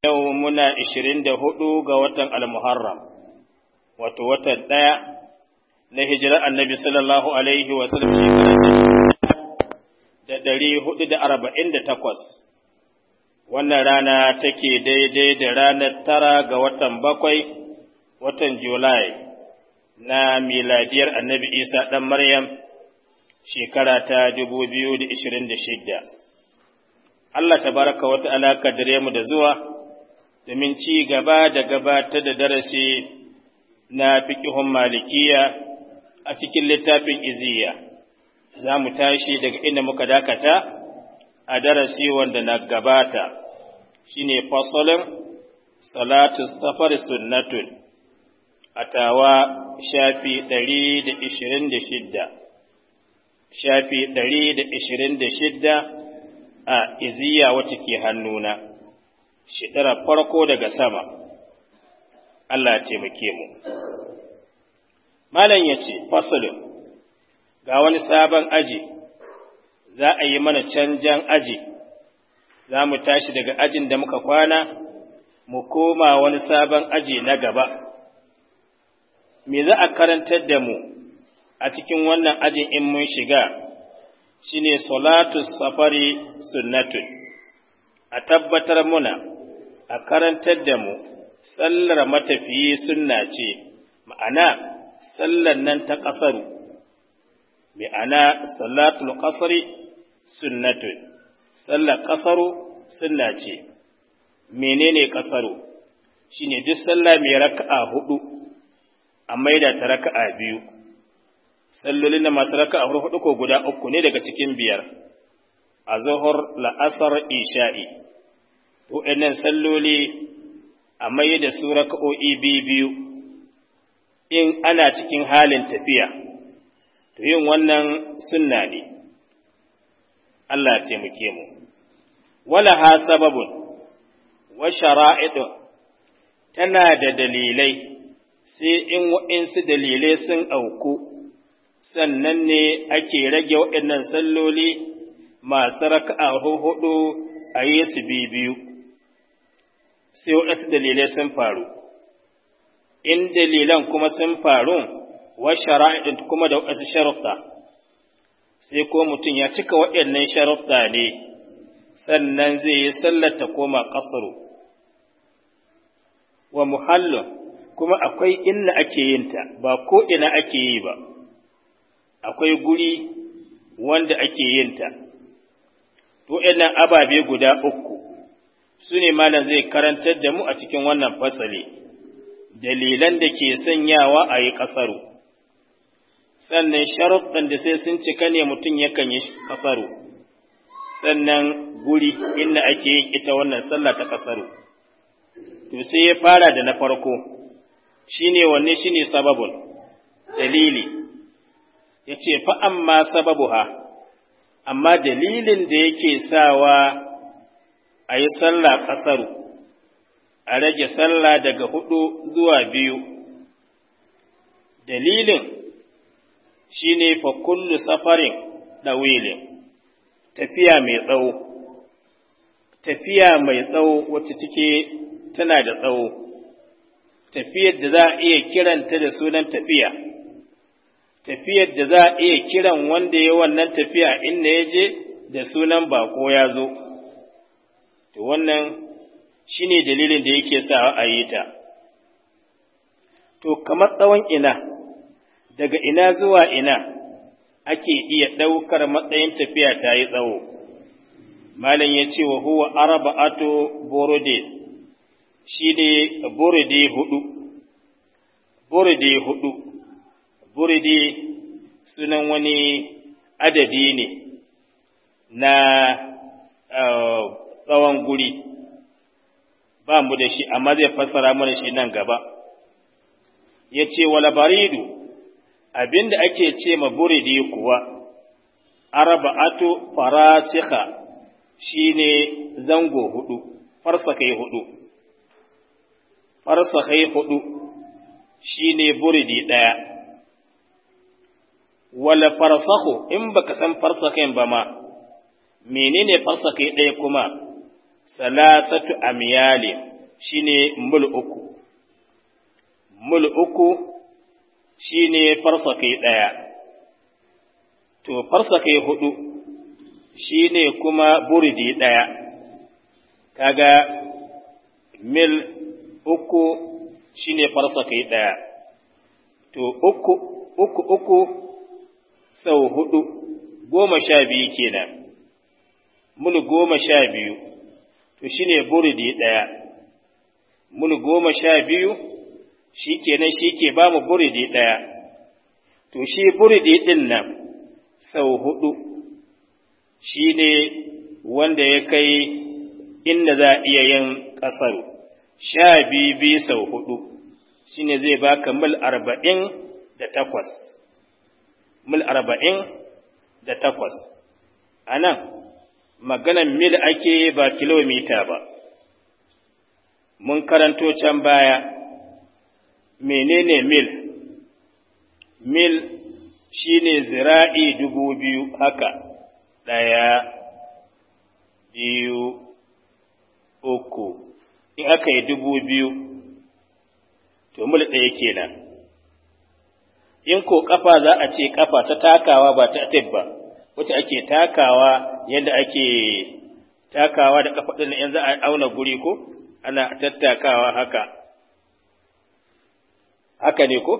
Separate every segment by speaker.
Speaker 1: Yau muna ishirin da hudu ga watan Al-Muharram, wato watan ɗaya na hijirar annabi sallallahu Alaihi wasallam da ɗari hudu da arba'in da takwas. Wannan rana take daidai da ranar tara ga watan bakwai, watan Julai na miladiyar annabi Isa ɗan Maryam, shekara ta dubu biyu da ishirin da shida. Allah ta baraka wata alaƙa dare mu da zuwa. domin ci gaba da gabatar da darasi na fiƙihun malikiya a cikin littafin iziya za mu tashi daga inda muka dakata a darasi wanda na gabata shine fasalin salatu safar sunnatun atawa shafi 126 shafi ɗari da a iziya wacce ke hannuna shidara farko daga sama Allah taimake mu malam yace fasalin ga wani sabon aji za a yi mana canjan aji za mu tashi daga ajin da muka kwana mu koma wani sabon aji na gaba me za a karantar da mu a cikin wannan ajin in mun shiga shine salatu safari sunnatun a tabbatar muna a karantar da mu sallar matafiyi sunna ce ma'ana sallar nan ta ƙasaru ma'ana salatul ƙasari sunnatun sallar ƙasaru sunna ce menene ƙasaru shine duk sallah mai raka'a hudu a maida ta raka'a biyu sallolin da masu raka'a hudu ko guda uku ne daga cikin biyar a zuhur la'asar isha'i waɗannan salloli a mai da su raka'o'i biyu in ana cikin halin tafiya to yin wannan sunna ne Allah taimake mu wala ha sababun wa shara'idun tana da dalilai sai in waɗansu dalilai sun auku sannan ne ake rage waɗannan salloli masu raka'a hudu a yi su biyu sai waɗansu dalilai sun faru, in dalilan kuma sun faru, wa shara'idin kuma da waɗansu sharuɗa, sai ko mutum ya cika waɗannan sharuɗa ne, sannan zai yi sallata koma ƙasaru. Wa muhallin kuma akwai inda ake yinta, ba ko ina ake yi ba, akwai guri wanda ake yinta, to ababe guda uku. su ne malam zai karantar da mu a cikin wannan fasali, dalilan da ke sanyawa a yi ƙasaru, sannan sharuɗan da sai sun cika ne mutum yakan yi ƙasaru, sannan guri inda ake yin ita wannan sallah ta ƙasaru. To sai ya fara da na farko, shi ne wanne shi ne sababun, dalili, ya ce fa'an ma sababu ha, amma dalilin da yake sawa a yi sallah ƙasaru, a rage sallah daga hudu zuwa biyu. Dalilin shi ne fa kullu safarin ɗawilin, tafiya mai tsawo, tafiya mai tsawo wacce take tana da tsawo, tafiyar da za a iya kiranta da sunan tafiya, tafiyar da za a iya kiran wanda ya wannan tafiya inda ya je da sunan bako ya zo. to wannan shi ne dalilin da yake sa a yi ta to kamar tsawon ina daga ina zuwa ina ake iya ɗaukar matsayin tafiya ta yi tsawo malam ya ce wa huwa araba ato borode shi ne borode hudu borode hudu borode sunan wani adadi ne na uh, tsawon guri ba mu da shi amma zai fassara mana shi nan gaba ya ce wala baridu abinda ake ce ma buridi kuwa arba'atu farasika shine zango hudu farsakai hudu farsakai hudu shine buridi daya wala farsahu in baka san farsakan ba ma menene farsakai daya kuma salasatu amyalin shine mul uku mul uku shine farsakai ɗaya to farsakai hudu shine kuma buridi ɗaya kaga mil uku shine farsakai ɗaya to uku uku uku sau hudu goma sha biyu kenan mul goma sha biyu to shi ne buridi ɗaya mul goma sha biyu shi kenan shi ke ba mu buridi ɗaya to shi buridi ɗin nan sau hudu shi ne wanda ya kai inda za a iya yin ƙasar sha biyu biyu sau hudu shi ne zai baka mil arba'in da takwas mil arba'in da takwas a nan maganan mil ake ba kilomita ba mun karanto can baya menene mil mil shine zira'i dubu biyu haka ɗaya biyu uku in aka yi dubu biyu to mil ɗaya kenan in ko ƙafa za a ce ƙafa ta takawa ba ta ba wacce ake takawa yadda ake takawa da kafa ɗin yanzu a auna guri ko ana tattakawa haka haka ne ko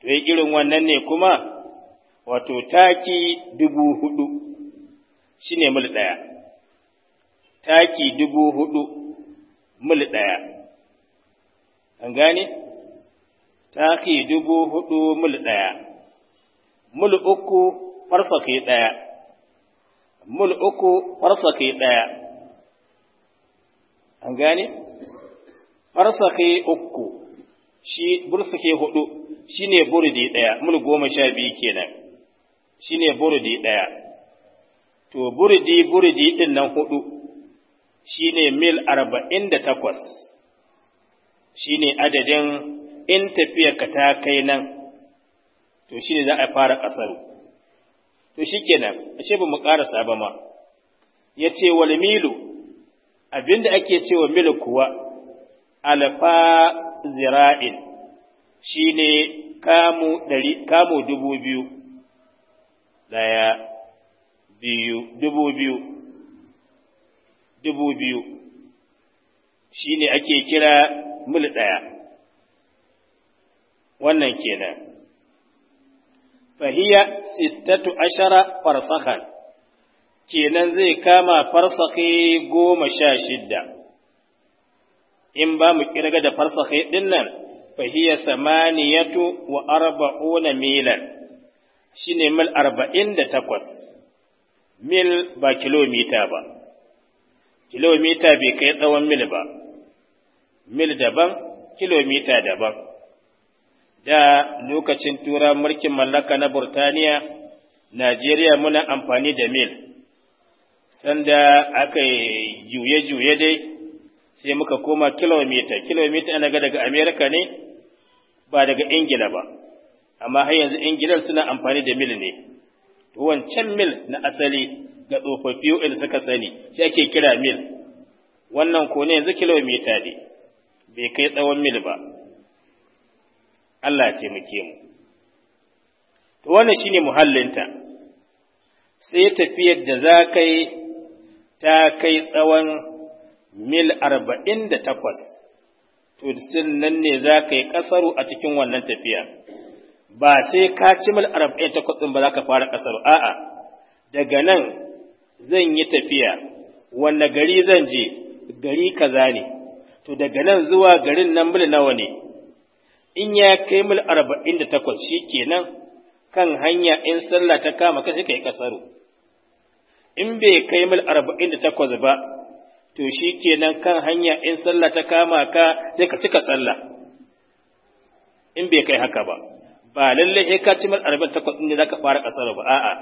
Speaker 1: to eh, irin wannan ne kuma wato taki dubu hudu shi ne mil ɗaya taki dubu hudu mil ɗaya an gane taki dubu hudu mil ɗaya mil uku farsake ɗaya mul uku farsake ɗaya an gane Farsake uku shi burske hudu shine burdi ɗaya mul goma sha biyu kenan shine burdi ɗaya to burdi burdi ɗin nan hudu shine mil arba'in da takwas shine adadin in ka ta kai nan to shine za a fara ƙasaru to a ce ba mu ƙarasa ba ma ya ce wal milu abinda ake cewa milu kuwa alfa zira'in shine kamu ɗari kamu dubu biyu ɗaya biyu dubu biyu dubu biyu shine ake kira mil ɗaya wannan kenan fahiya sittatu ashara farsakhan kenan zai kama farsakai goma sha shidda in ba mu kirga da farsakhe ɗin nan fahiya samaniyatu wa arba'una milan shine mil arba'in da takwas mil ba kilomita ba kilomita bai kai tsawon mil ba mil daban kilomita daban da lokacin tura mulkin mallaka na Burtaniya, Najeriya muna amfani da mil, sanda aka juye-juye dai sai muka koma kilomita, kilomita ana ga daga Amerika ne ba daga Ingila ba, amma har yanzu ingila suna amfani da mil ne, wancan mil na asali ga tsofaffi waɗanda suka sani shi ake kira mil, wannan ko ne yanzu kilomita ne, bai kai tsawon mil ba. Allah ya taimake mu to wannan shine muhallinta sai tafiyar da za ka ta kai tsawon mil arba'in da takwas to nan ne za ka yi ƙasaru a cikin wannan tafiya ba sai ka ci mil arba'in takwas ɗin ba za ka fara ƙasaru a'a daga nan zan yi tafiya wanne gari zan je gari kaza ne to daga nan zuwa garin nan mil nawa ne in ya kai mil arba'in da takwas shi kenan kan hanya in sallah ta kama ka sai ka yi kasaro in bai kai mil arba'in da takwas ba to shi kenan kan hanya in sallah ta kama ka sai ka cika sallah in bai kai haka ba ba lallai sai ka ci mil arba'in da takwas ne za ka fara kasaro ba a'a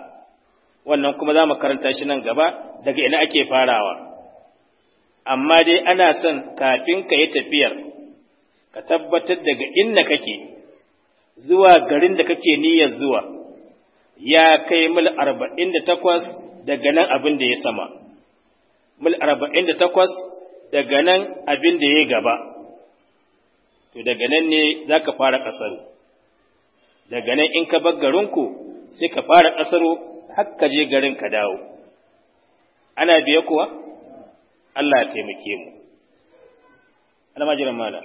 Speaker 1: wannan kuma za mu karanta shi nan gaba daga ina ake farawa amma dai ana son kafin ka yi tafiyar ka tabbatar daga inda kake zuwa garin da kake niyyar zuwa ya kai mil arba'in da takwas daga nan abin da ya sama mil arba'in da takwas daga nan abin da ya gaba to daga nan ne za ka fara ƙasar daga nan in ka bar garinku sai ka fara ƙasar har ka je garin ka dawo ana biye kuwa Allah ya taimake mu almajiran malam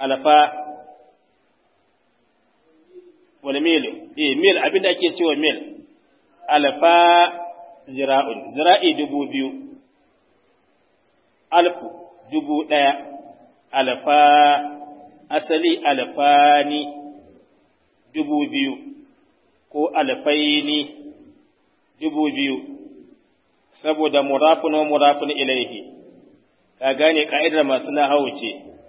Speaker 1: alfa wani mil eh mil abin da ake cewa mil alfa zira'un zira'i dubu biyu alfu dubu ɗaya alfa asali alfani dubu biyu ko alfaini dubu biyu saboda murafin wa murafin ilaihi ka gane ka'idar masu na ce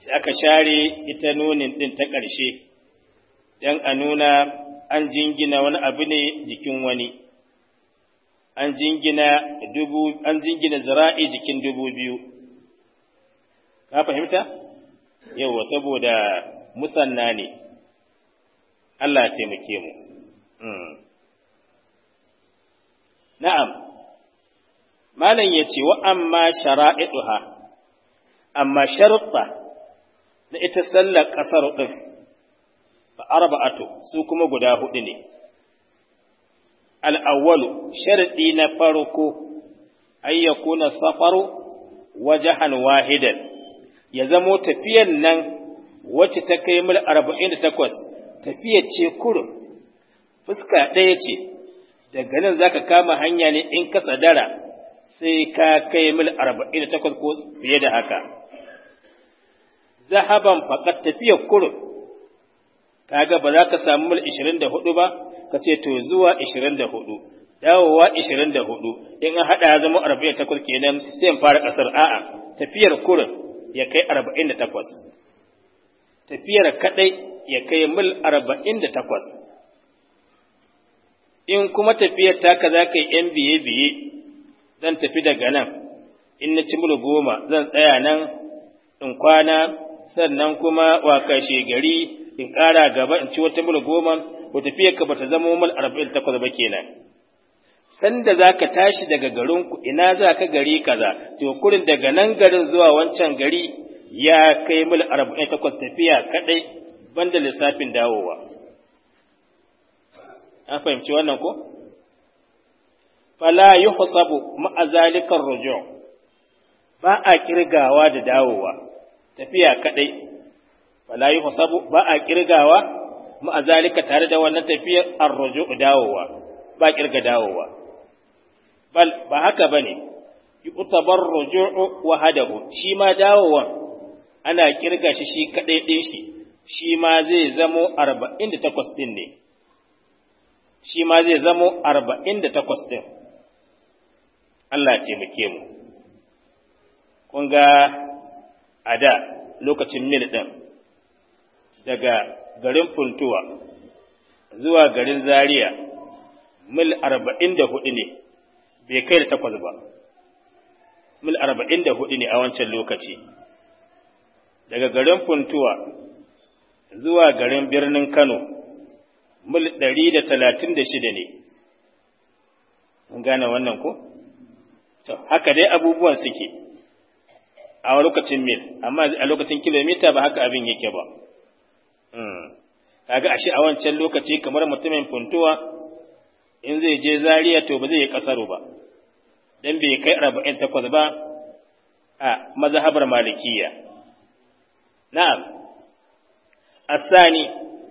Speaker 1: sai aka share ita nunin ɗin ta ƙarshe, don a nuna an jingina wani abu ne jikin wani, an jingina dubu, an jingina zira'i jikin dubu biyu. Ka fahimta? yau, saboda musanna ne, Allah taimake mu. Hmm. Na'am, Malam ya ce, wa amma shara'iduha, amma sharuɗa na ita sallar ƙasar ɗin fa arba'atu su kuma guda huɗu ne al'awwalu sharɗi na farko an yakuna safaru wajahan wahidan ya zamo tafiyan nan wacce ta kai mil arba'in da takwas tafiyar ce kurum fuska ɗaya ce daga nan zaka kama hanya ne in ka sadara sai ka kai mil arba'in ko fiye da haka zahaban faƙar tafiyar kurun kaga ba za ka samu mil 24 ba ka ce to zuwa 24 dawowa 24 in an haɗa ya zama 48 kenan sai in fara ƙasar a'a tafiyar kurin ya kai 48 tafiyar kaɗai ya kai mil 48 in kuma tafiyar taka za ka yi biye biye-biye zan tafi daga nan, in na ci mil goma zan tsaya nan in kwana sannan kuma wa kashe gari in ƙara gaba in ci wata mil goma ko tafiya ka bata zama mil arba'in takwas ba kenan sanda za ka tashi daga garin ku ina za ka gari kaza to kurin daga nan garin zuwa wancan gari ya kai mil arba'in takwas tafiya kaɗai banda lissafin dawowa an fahimci wannan ko fala yuhsabu ma'azalikar rujuu ba a kirgawa da dawowa tafiya kadai wala yi musabu ba a kirgawa ma azalika tare da wannan tafiyar arruju dawowa ba kirga dawowa bal ba haka bane yutabar ruju'u wa hadahu shi ma dawowa ana kirga shi shi kadai din shi shi ma zai zamo 48 din ne shi ma zai zamo 48 din Allah ya taimake mu kun ga a da lokacin mil ɗin daga garin funtuwa zuwa garin Zariya mil arba'in da hudu ne bai kai da takwas ba mil arba'in da hudu ne a wancan lokaci daga garin funtuwa zuwa garin birnin kano mil ɗari da talatin da shida ne gane wannan ko? haka dai abubuwan suke a lokacin mil amma a lokacin kilomita ba haka abin yake ba hmm. kaga ashe a wancan lokaci kamar mutumin funtuwa in zai je Zariya to ba zai yi kasaro ba dan bai kai 48 ba a mazhabar malikiya na'am asani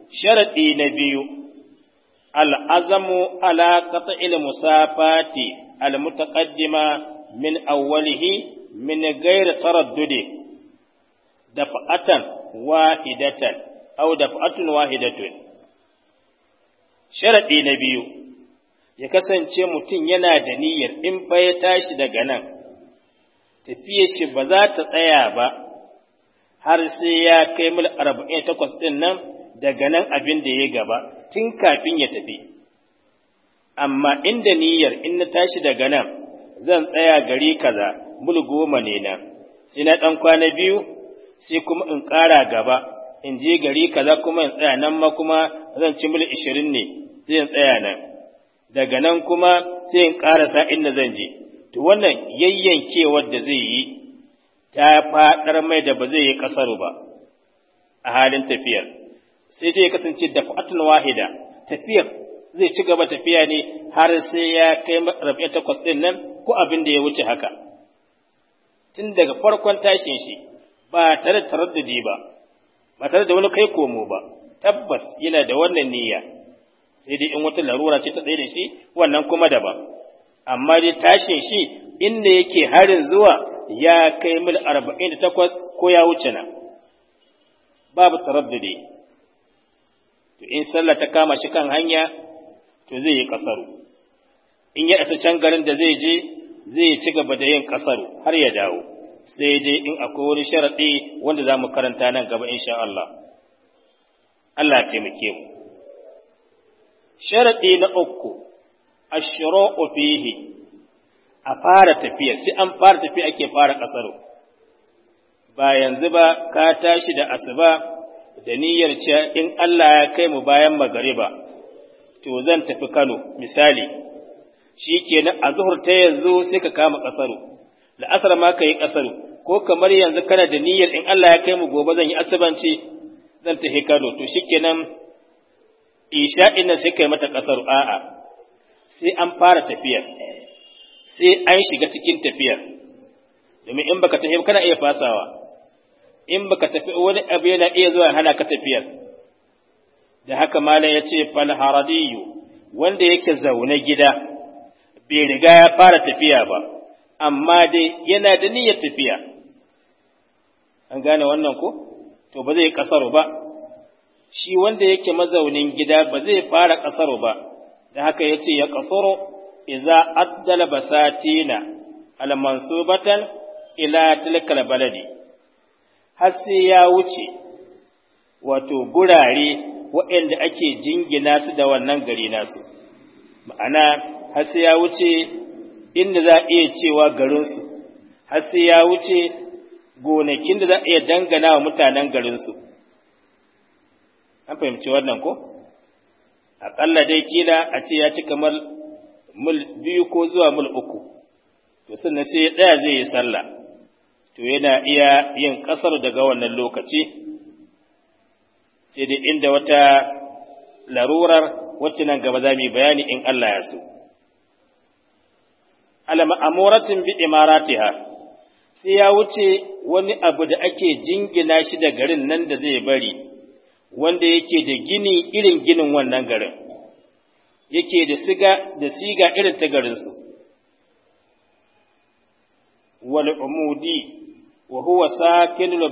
Speaker 1: sharadi na biyu al'azamu ala qat'il musafati al-mutaqaddima min awwalihi min gaira taraddudi dafa'atan wahidatan aw dafa'atun wahidatun sharadi na biyu ya kasance mutum yana da niyyar in fa ya tashi daga nan tafiyar shi ba za ta tsaya ba har sai ya kai mil takwas ɗin nan daga nan abin da ya gaba tun kafin ya tafi amma inda niyyar in na tashi daga nan zan tsaya gari kaza mul goma ne na sai na ɗan kwana biyu sai kuma in ƙara gaba in je gari kaza kuma in tsaya nan ma kuma zan ci mil ishirin ne sai in tsaya nan daga nan kuma sai in sa inda zan je to wannan yayyankewar da zai yi ta faɗar mai da ba zai yi ƙasar ba a halin tafiyar sai dai ya kasance da fa'atun wahida tafiyar zai ci gaba tafiya ne har sai ya kai rabi'a takwas ɗin nan ko abin da ya wuce haka tun daga farkon tashin shi ba tare da taraddudi ba ba tare da wani kai komo ba tabbas yana da wannan niyya sai dai in wata larura ce ta tsaye da shi wannan kuma daban amma dai tashin shi inda yake harin zuwa ya kai mil arba'in da takwas ko ya wuce na babu taraddudi to in sallah ta kama shi kan hanya to zai yi kasaru in ya ta can garin da zai je zai ci gaba da yin ƙasar har ya dawo sai dai in akwai wani sharaɗi wanda za mu karanta nan gaba insha Allah Allah ya taimake mu sharaɗi na uku ashra'u fihi a fara tafiya sai an fara tafiya ake fara ƙasar ba yanzu ba ka tashi da asuba da niyyar cewa in Allah ya kai mu bayan magariba to zan tafi Kano misali shi kenan a zuhur ta yanzu sai ka kama ƙasaru da asar ma ka yi ƙasaru ko kamar yanzu kana da niyyar in Allah ya kai mu gobe zan yi asubanci zan tafi Kano to shi kenan isha'in ina sai kai mata ƙasaru a'a sai an fara tafiyar sai an shiga cikin tafiyar domin in baka tafi kana iya fasawa in baka tafi wani abu yana iya zuwa hana ka tafiyar da haka malam ya ce fal haradiyu wanda yake zaune gida bai riga ya fara tafiya ba amma dai yana da niyyar tafiya an gane wannan ko to ba zai kasaro ba shi wanda yake mazaunin gida ba zai fara kasaro ba da haka ya ce ya kasaro iza addal basatina almansubatan ila tilkal baladi har sai ya wuce wato gurare waɗanda ake jingina su da wannan gari nasu ma'ana har sai ya wuce inda za a iya cewa garinsu har sai ya wuce gonakin da za a iya dangana wa mutanen garinsu an fahimci wannan ko aƙalla dai kila a ce ya ci kamar mul biyu ko zuwa mul uku to na ce ɗaya zai yi sallah to yana iya yin ƙasar daga wannan lokaci sai dai inda wata larurar wacce nan gaba za mu yi bayani in Allah ya so. al bi imaratiha sai ya wuce wani abu da ake jingina shi da garin nan da zai bari, wanda yake da gini irin ginin wannan garin, yake da siga da siga irin ta garinsu. Wal umudi wa huwa sakinul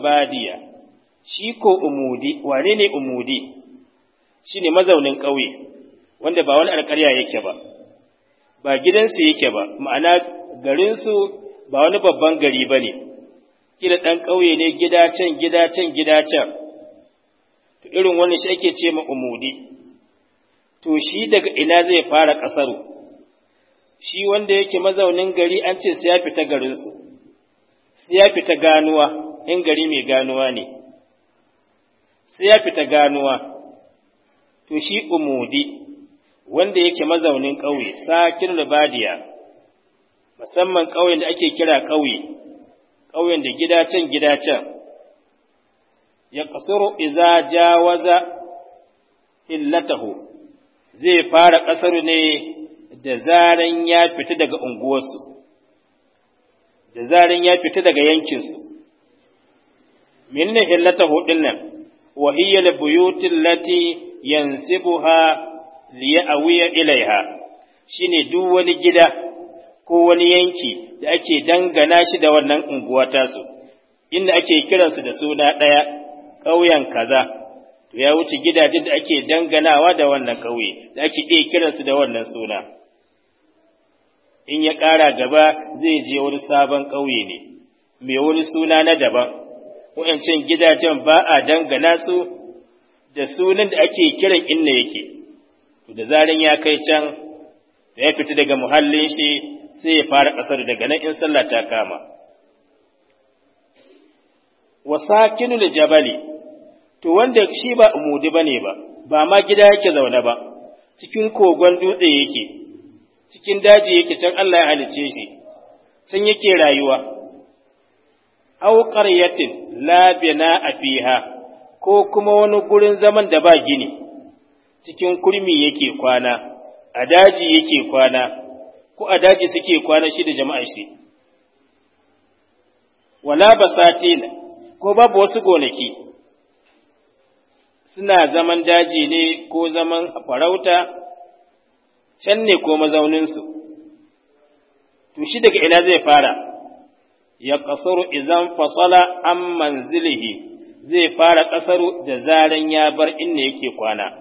Speaker 1: shi ko umudi, wane ne umudi? Shi ne mazaunin ƙauye, wanda ba wani alƙarya yake ba. ba gidansu yake ba ma'ana garinsu ba wani babban gari ba ne kila ɗan ƙauye ne gida can gida can irin wani shi ake ce ma umudi to shi daga ina zai fara ƙasar shi wanda yake mazaunin gari an ce su ya fita garinsu su ya fita ganuwa in gari mai ganuwa ne su ya fita ganuwa to shi umudi wanda yake mazaunin ƙauye sakin rubadiya musamman ƙauyen da ake kira ƙauye ƙauyen da gidacen gidacen ya kasuru iza jawaza illatahu zai fara ƙasar ne da zaran ya fita daga unguwarsu da zaran ya fita daga yankinsu min ne illatahu dinnan wa hiya al lati yansibuha liya'awiya ilaiha shine duk wani gida ko wani yanki da ake dangana shi da wannan unguwa tasu inda ake kiransu da suna ɗaya ƙauyen kaza to ya wuce gidajen da ake danganawa da wannan ƙauye da ake iya kiransu da wannan suna in ya ƙara gaba zai je wani sabon ƙauye ne mai wani suna na daban wa'ancan gidajen ba a dangana su da sunan da ake kiran inna yake da zarin ya kai can da ya fita daga muhallin shi sai ya fara ƙasar daga nan in sallah ta kama wa da jabali to wanda shi ba umudi ne ba ba ma gida yake zaune ba cikin kogon dutse yake cikin daji yake can Allah ya halice shi can yake rayuwa aw Yatin, la a fiha ko kuma wani gurin zaman da ba gini cikin kurmi yake kwana a daji yake kwana ko a daji suke kwana shi da jama'a shi wala basatin ko babu wasu gonaki suna zaman daji ne ko zaman farauta can ne ko mazauninsu to shi daga ina zai fara ya kasaru izan fasala an manzilihi zai fara kasaru da zaran ya bar inda yake kwana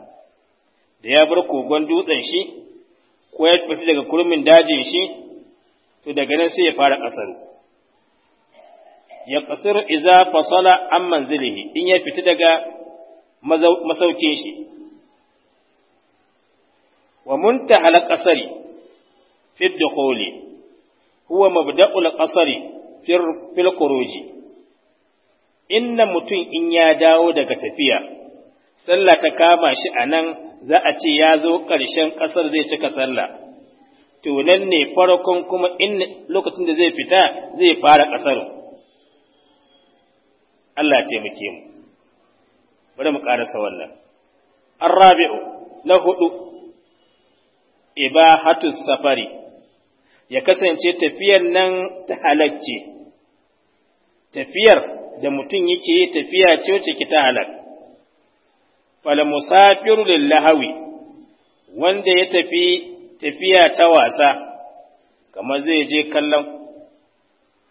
Speaker 1: da ya bar kogon dutsen shi ko ya tafi daga kurmin dajin shi to daga nan sai ya fara kasaru ya kasaru iza fasala an manzilihi in ya fita daga masaukin shi wa muntahal ƙasar fi dukhuli huwa mabda'ul qasari fil khuruji inna mutun in ya dawo daga tafiya sallah ta kama shi anan za a ce ya zo ƙarshen ƙasar zai cika sallah to nan ne farkon kuma in lokacin da zai fita zai fara ƙasar Allah taimake mu bari mu ƙarasa wannan arrabi'u na hudu Ibahatus safari ya kasance tafiyar nan ta halacce tafiyar da mutum yake tafiya ce wacce ki ta halar fal musafiru lahawi wanda ya tafi tafiya ta wasa kamar zai je kallon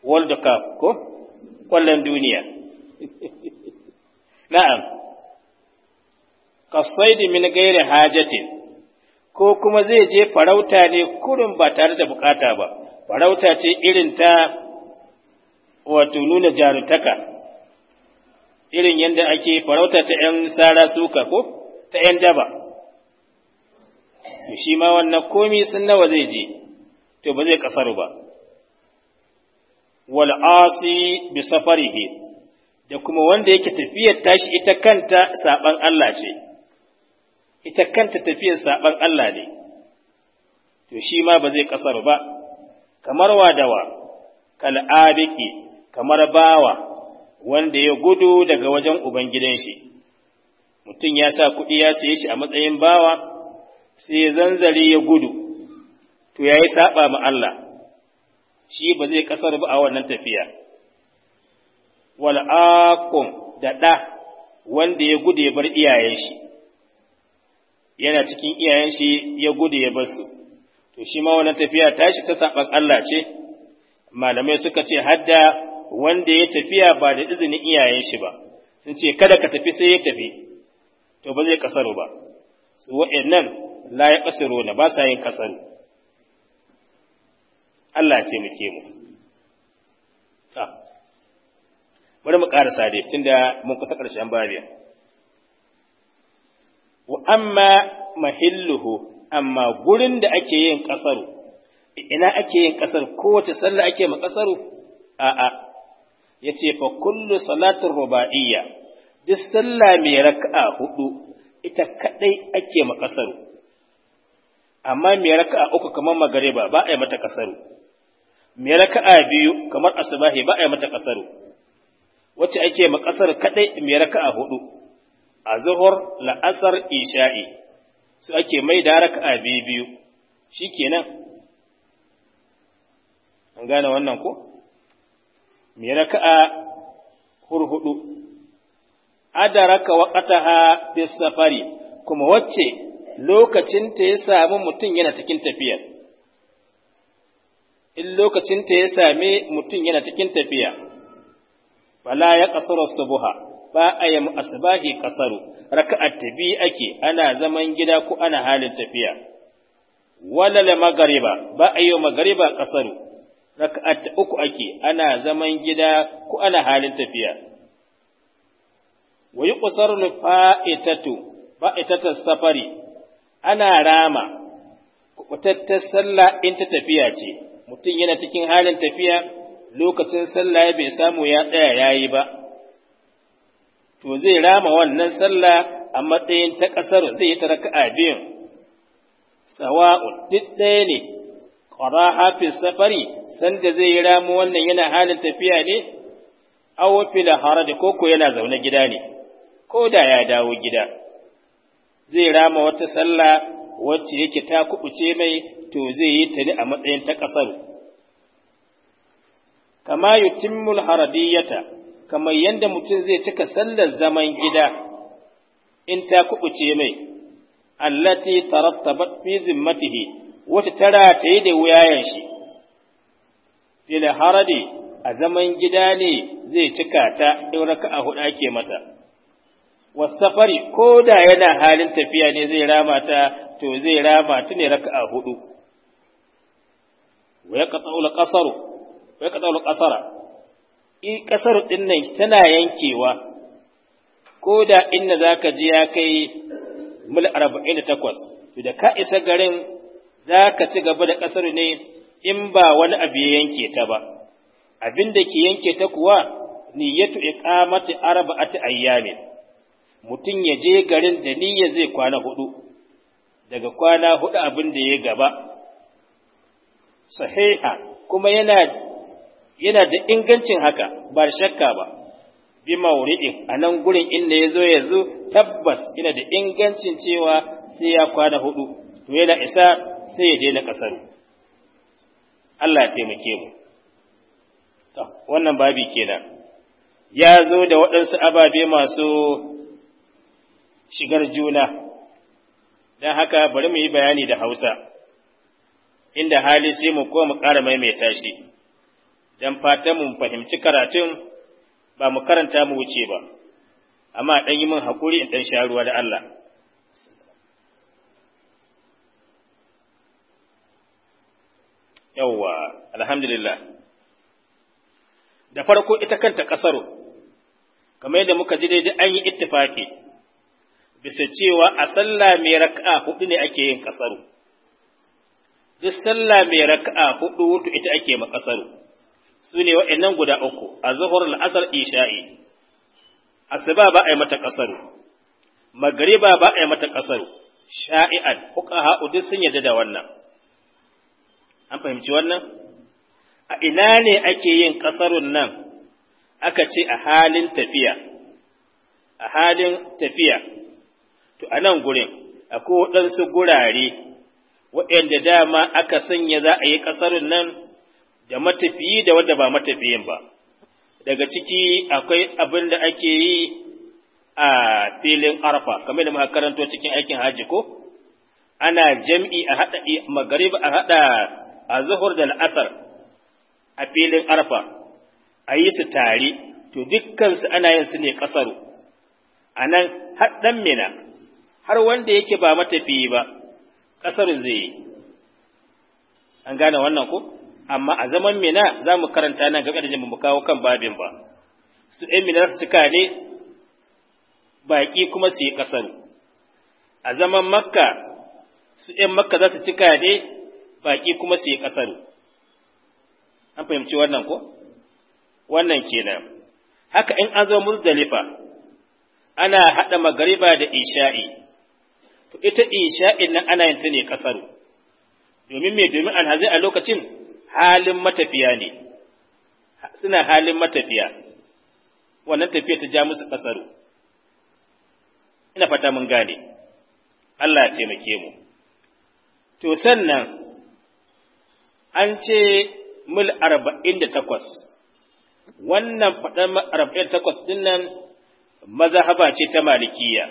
Speaker 1: World Cup ko kwallon duniya na'am kasaidi min gairi hajatin ko kuma zai je farauta ne kurin ba tare da bukata ba farauta ce irin ta wato nuna jarutaka irin yadda ake farauta ta ‘yan sara suka ko ta ‘yan daba, shi ma wannan komi sun nawa zai je, to ba zai ƙasaru ba. Wal'asi bi safarihi da kuma wanda yake tafiyar tashi ita kanta saɓan Allah ce, ita kanta tafiyar saɓan Allah ne, to shi ma ba zai ƙasaru ba, kamar wadawa, kal'abiki, kamar bawa. wanda ya gudu daga wajen ubangidan shi mutum ya sa kuɗi ya saye shi a matsayin bawa sai ya zanzare ya gudu to ya yi saɓa ma Allah shi ba zai ƙasar ba a wannan tafiya wal'aƙon da ɗa wanda ya gudu ya bar iyayen shi yana cikin iyayen shi ya gudu ya bar su to shi ma wannan tafiya tashi ta saɓan Allah ce malamai suka ce hadda wanda ya tafiya ba da izinin iyayen shi ba sun ce kada ka tafi sai ya tafi to ba zai kasaru ba su wa'annan la ya kasaru na ba sa yin kasaru? Allah ya taimake mu bari mu karasa dai tunda mun kusa ƙarshen babin wa amma mahilluhu amma gurin da ake yin kasaru ina ake yin kasar kowace sallah ake ma kasaru a'a ya ce fa kullu salatin ruba'iyya duk sallah mai raka'a hudu ita kadai ake makasaru amma mai raka'a uku kamar magariba ba a yi mata kasaru mai raka'a biyu kamar asubahi ba a yi mata kasaru wacce ake makasar kadai mai raka'a hudu a zuhur la'asar isha'i su ake mai da raka'a biyu biyu shikenan an gane wannan ko mai raka'a hurhudu adaraka ha fi safari kuma wacce lokacin ta ya sami mutum yana cikin tafiya in lokacin ta ya sami mutum yana cikin tafiya fala ya qasara subha ba a yi asbahi ƙasaru, raka'a tafi ake ana zaman gida ko ana halin tafiya wala magariba ba a yi magariba ƙasaru, raka'at uku ake ana zaman gida ko ana halin tafiya wa yuqsaru li fa'itatu safari ana rama kubutattar sallah in ta tafiya ce mutum yana cikin halin tafiya lokacin sallah bai samu ya tsaya yayi ba to zai rama wannan sallah a matsayin ta kasar zai yi ta raka'a biyun sawa'u duk ɗaya ne qada hafi safari sanda zai yi ramu wannan yana halin tafiya ne aw fil haraj ko ko yana zaune gida ne ko da ya dawo gida zai rama wata sallah wacce yake ta kubuce mai to zai yi ta ne a matsayin ta kasar kama yutimmul haradiyata kamar yadda mutum zai cika sallar zaman gida in ta kubuce mai allati tarattabat fi zimmatihi wata tara ta yi da wuyayen shi fil harade a zaman gida ne zai cika ta in a hudu ake mata wasafari ko da yana halin tafiya ne zai rama ta to zai rama ta ne a hudu Waya ka al ƙasaru? Waya ka al ƙasara? in ƙasaru ɗin nan tana yankewa ko da inda ka ji ya kai mil takwas? to da ka isa garin za ka ci gaba da ƙasar ne in ba wani abu ya yanke ta ba, abin da ke yanke ta kuwa niyyatu iqamati arba'ati ayyamin mutum ya je garin da niyya zai kwana hudu daga kwana hudu abin da ya gaba sahiha kuma yana yana da ingancin haka ba shakka ba bi mauridin a nan gurin inda ya zo yanzu tabbas yana da ingancin cewa sai ya kwana hudu to yana isa sai ya daina ƙasar Allah ya taimake mu to wannan babi kenan ya zo da waɗansu ababe masu shigar juna don haka bari mu yi bayani da Hausa inda hali sai mu koma mu ƙara maimaita shi don fatan mu fahimci karatun ba mu karanta mu wuce ba amma dan yi min haƙuri in ɗan sha ruwa da Allah yawwa alhamdulillah da farko ita kanta ƙasar kamar yadda muka ji daidai an yi ittifaki bisa cewa a sallah mai raka'a hudu ne ake yin kasaro duk sallah mai raka'a hudu wuto ita ake ma kasaro su ne wa'annan guda uku a zuhur al'asar isha'i asuba ba a yi mata kasaro magariba ba a yi mata ƙasar sha'i'an fuqaha duk sun yarda da wannan an fahimci wannan a ina ne ake yin ƙasarun nan aka ce a halin tafiya a halin tafiya to a nan gurin akwai waɗansu gurare waɗanda dama aka sanya za a yi ƙasarun nan da matafiyi da wanda ba matafiyin ba daga ciki akwai abin da ake yi a filin arfa kamar da muka cikin aikin hajji ko ana jam'i a haɗa magariba a haɗa a zuhur da al'asar a filin arfa a yi su tare to dukkansu ana yin su ne ƙasaru a nan haɗɗan mina har wanda yake ba matafiyi ba ƙasaru zai yi an gane wannan ku. amma a zaman mina za mu karanta nan gaba da mu kawo kan babin ba su ɗan mina su cika ne baƙi kuma su yi ƙasaru a zaman makka su ‘yan makka za su cika ne baƙi kuma su yi ƙasaru an fahimci wannan ko wannan kenan haka in an zo muzdalifa ana haɗa magariba da isha'i to ita isha'i nan ana yin ta ne ƙasaru domin me domin an alhazi a lokacin halin matafiya ne suna halin matafiya wannan tafiya ta ja musu ƙasaru ina fata mun gane Allah ya taimake mu to sannan an ce mil arba'in da takwas wannan faɗar arba'in da takwas ɗin nan mazahaba ce ta malikiya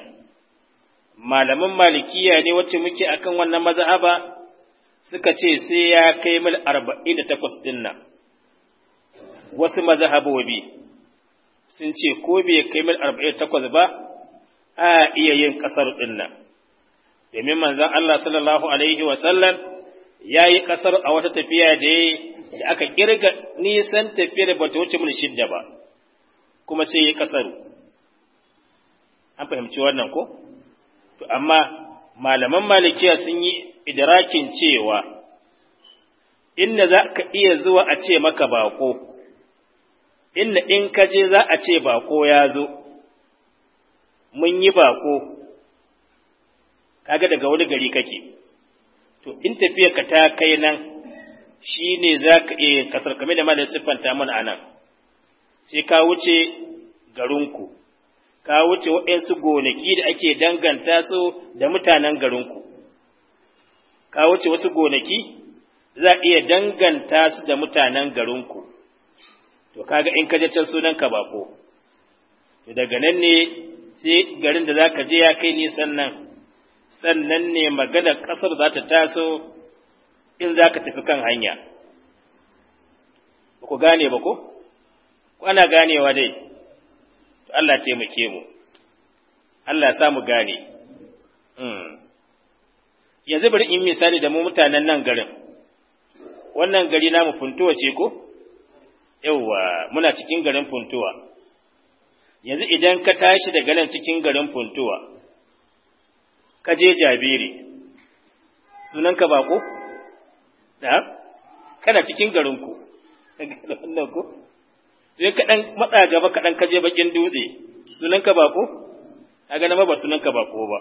Speaker 1: Malamin malikiya ne wacce muke akan wannan mazahaba suka ce sai ya kai mil arba'in da takwas ɗin nan wasu mazahabobi sun ce ko bai kai mil arba'in da takwas ba a iya yin ƙasar ɗin nan domin manzan Allah sallallahu alaihi wa sallam ya yi ƙasar a wata tafiya da ya da aka kirga nisan tafiyar ba ta wuce mil shidda ba kuma sai ya yi ƙasar an fahimci wannan ko to amma malaman malikiya sun yi idrakin cewa inda za ka iya zuwa a ce maka bako inda in ka je za a ce bako ya zo mun yi bako kaga daga wani gari kake to in tafiya ka ta kai nan shi ne za ka iya kasar kame da malin siffanta mana a nan sai ka wuce garinku ka wuce waɗansu gonaki da ake danganta su da mutanen garinku ka wuce wasu gonaki za a iya danganta su da mutanen garinku to kaga in ka je can sunan ka bako to daga nan ne sai garin da za ka je ya kai nisan nan sannan ne magana ƙasar za ta taso in za ka tafi kan hanya ba ku gane ba ko ana ganewa dai Allah taimake mu Allah sa mu gane hmm. yanzu bari in misali da mu mutanen nan garin wannan gari namu funtuwa ce ko yauwa muna cikin garin funtuwa yanzu idan ka tashi da garin cikin garin funtuwa ka je jabiri sunanka ba ko da kana cikin garinku wannan ko sai kaɗan matsa gaba kaɗan ka je bakin dutse sunanka ba ko a gana ba sunanka ba ko ba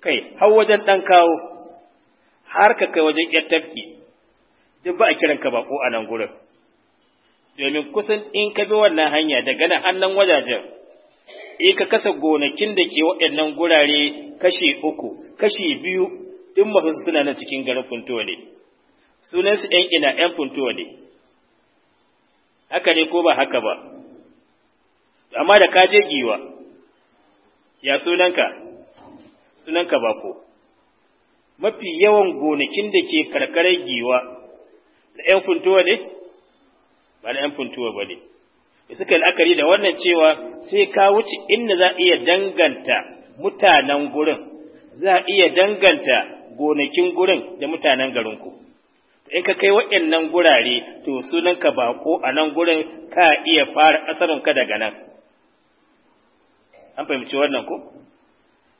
Speaker 1: kai har wajen ɗan kawo har ka kai wajen ƴar tafki duk ba a kiranka ba ko a nan gurin domin kusan in ka bi wannan hanya daga nan annan wajajen in e, ka kasa gonakin da ke waɗannan gurare kashi uku kashi biyu tun masu suna nan cikin garin funtuwa ne sunansu ‘yan ina ‘yan funtuwa ne haka ne ko ba haka ba amma da ka je giwa ya sunanka sunanka ba ko mafi yawan gonakin da ke karkarar giwa da ‘yan funtuwa ne ba da ‘yan funtuwa ba ne suka yi la'akari da wannan cewa sai ka wuce inda za a iya danganta mutanen gurin za a iya danganta gonakin gurin da mutanen garinku in ka kai waɗannan gurare to sunanka bako a nan gurin ka iya fara ƙasarinka daga nan an fahimci wannan ko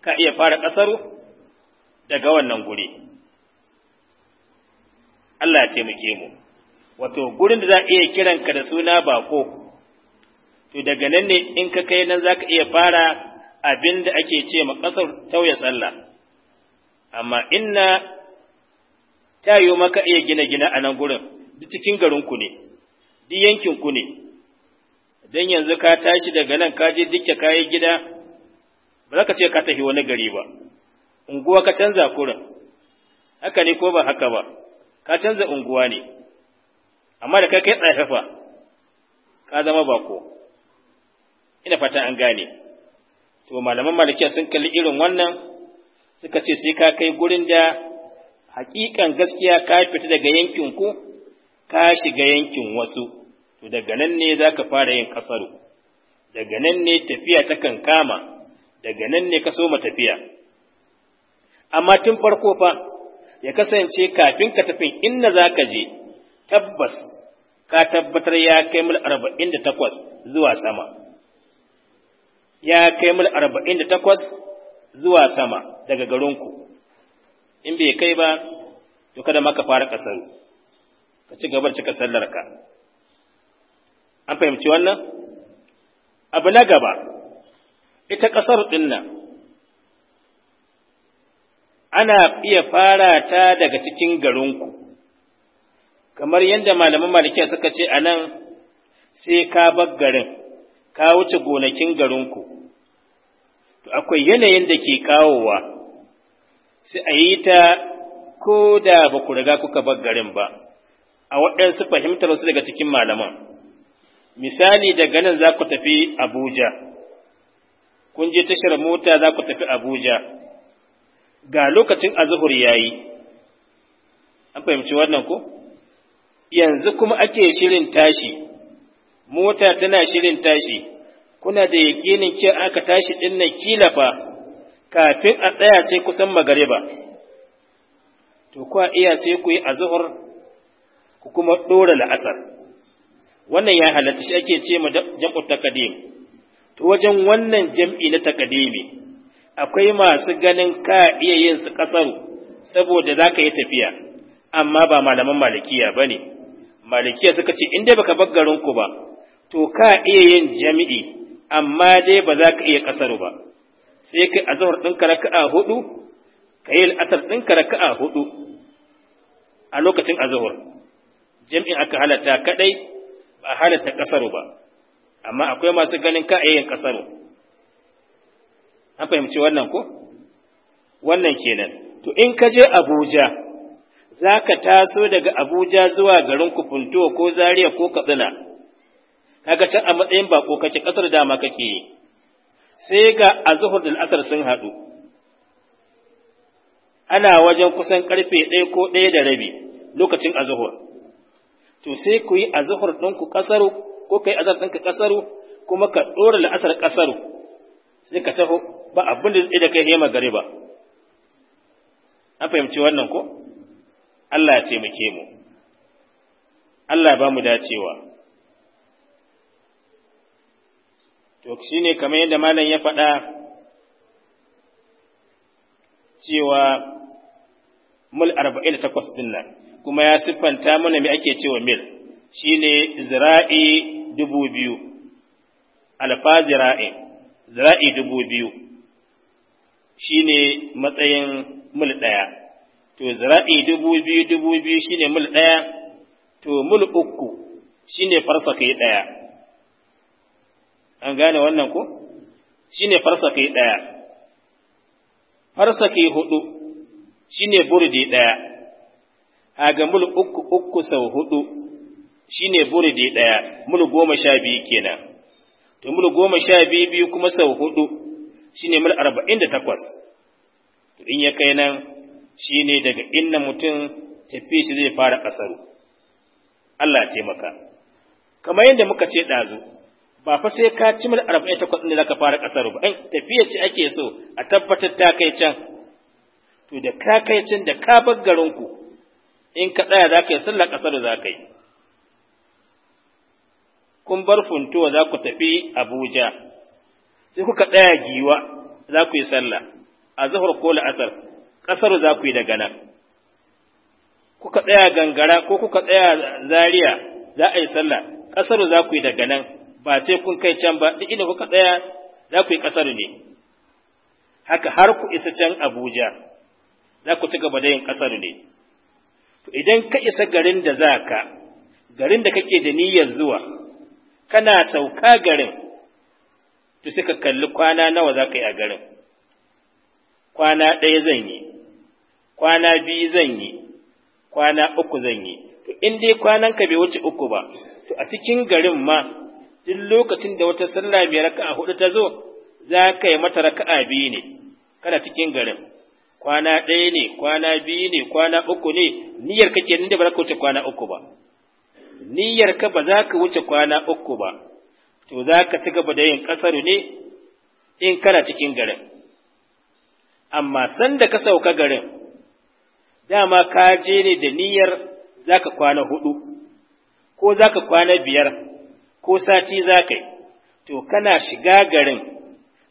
Speaker 1: ka iya fara ƙasaru daga wannan guri Allah ya taimake mu wato gurin da za a iya kiranka da suna bako to daga nan ne in ka kai nan zaka iya fara abin da ake ce ma ƙasar sauya sallah amma inna ta yi maka iya gina-gina a nan gurin duk cikin garinku ne duk yankinku ne don yanzu ka tashi daga nan ka je dukka kayan gida ba za ka ce ka tafi wani gari ba unguwa ka canza kurin haka ne ko ba haka ba ka canza unguwa ne amma da kai kai tsafafa ka zama bako ina fata an gane to malaman malikiya sun kalli irin wannan suka ce sai ka kai gurin da hakikan gaskiya ka fita daga yankin ku ka shiga yankin wasu to daga nan ne za ka fara yin kasaru daga nan ne tafiya ta kan kama daga nan ne ka soma tafiya amma tun farko fa ya kasance kafin ka tafi inna za ka je tabbas ka tabbatar ya kai mil arba'in da takwas zuwa sama ya kai mil arba'in da takwas zuwa sama daga garinku, in bai kai ba, to kada maka fara ƙasar, ka ci gaba cika sallarka. An fahimci wannan? Abu na gaba, ita ƙasar ɗinnan, ana iya fara ta daga cikin garinku, kamar yadda malaman malikiya suka ce a nan sai ka bar garin. ka wuce gonakin garinku to akwai yanayin da ke kawowa sai a yi ta ko da ba ku riga kuka bar garin ba a waɗansu fahimtar wasu daga cikin malaman misali daga nan za ku tafi abuja kun je tashar mota za ku tafi abuja ga lokacin azuhur ya yi an fahimci wannan ko yanzu kuma ake shirin tashi mota tana shirin tashi kuna da yakinin ke aka tashi din nan kila fa kafin a tsaya sai kusan magariba to kuwa iya sai ku yi azhar ku kuma dora la'asar wannan ya halatta shi ake ce ma jam'u taqdim to wajen wannan jam'i na taqdimi akwai masu ganin ka iya yin su kasar saboda zaka yi tafiya amma ba malaman malikiya bane malikiya suka ce inda dai baka bar garinku ba to ka iya yin jami'i amma dai ba za ka iya ƙasar ba sai kai azhar ɗinka raka'a hudu ka yi al'asar ɗinka raka'a hudu a lokacin azhar jami'in aka halata kadai ba halata ƙasar ba amma akwai masu ganin ka iya yin ƙasar an fahimci wannan ko wannan kenan to in ka je Abuja za ka taso daga Abuja zuwa garin Kufunto ko Zaria ko Katsina kaga can a matsayin bako kake kasar dama kake yi sai ga azhur da asar sun haɗu ana wajen kusan karfe ɗaya ko ɗaya da rabi lokacin azhur to sai ku yi azhur ɗinku kasaru ko kai azhar ɗinka kasaru kuma ka ɗora la'asar kasaru sai ka taho ba abin da zai da kai hema gare ba an fahimci wannan ko Allah ya taimake mu Allah ba mu dacewa to shi ne kamar yadda malam ya faɗa cewa mil arba'in takwas ɗin nan kuma ya siffanta mana me ake cewa mil shi ne zira'i dubu biyu alfa zira'i zira'i dubu biyu shi ne matsayin mil ɗaya to zira'i dubu biyu dubu biyu shi ne mil ɗaya to mil uku shi ne kai ɗaya an gane wannan ko shine farsaki ɗaya farsaki hudu shine burdi ɗaya mul uku uku sau hudu shine burdi ɗaya mul goma sha biyu kenan to mul goma sha biyu biyu kuma sau hudu shine mul arba'in da takwas to in ya kai nan shine daga inna mutum tafi shi zai fara ƙasaru Allah ya taimaka kamar yadda muka ce ɗazu ba fa sai ka ci mil arba'in takwas ɗin da ka fara ƙasar ba in tafiya ce ake so a tabbatar ta kai can to da ka kai can da ka bar garinku in ka tsaya za ka yi sallar ƙasar za ka yi kun bar funtuwa za ku tafi Abuja sai kuka tsaya giwa za ku yi sallah a zuhur ko la'asar ƙasar za ku yi daga nan kuka tsaya gangara ko kuka tsaya Zariya za a yi sallah ƙasar za ku yi daga nan ba sai kun kai can ba duk inda kuka tsaya za ku yi ƙasar ne haka har ku isa can Abuja za ku ci gaba da yin ƙasar ne idan ka isa garin da za ka garin da kake da niyyar zuwa kana sauka garin to sai ka kalli kwana nawa za ka yi a garin kwana ɗaya zan yi kwana biyu zan yi kwana uku zan yi to in dai kwanan ka bai wuce uku ba to a cikin garin ma duk lokacin da wata sallah mai raka'a hudu ta zo za ka yi mata raka'a biyu ne kana cikin garin kwana ɗaya ne kwana biyu ne kwana uku ne niyyar ka kenan da ba za ka wuce kwana uku ba niyyar ka ba za ka wuce kwana uku ba to za ka ci gaba da yin kasaru ne in kana cikin garin amma sanda ka sauka garin dama ka je ne da niyyar za ka kwana hudu ko za ka kwana biyar ko sati za ka to kana shiga garin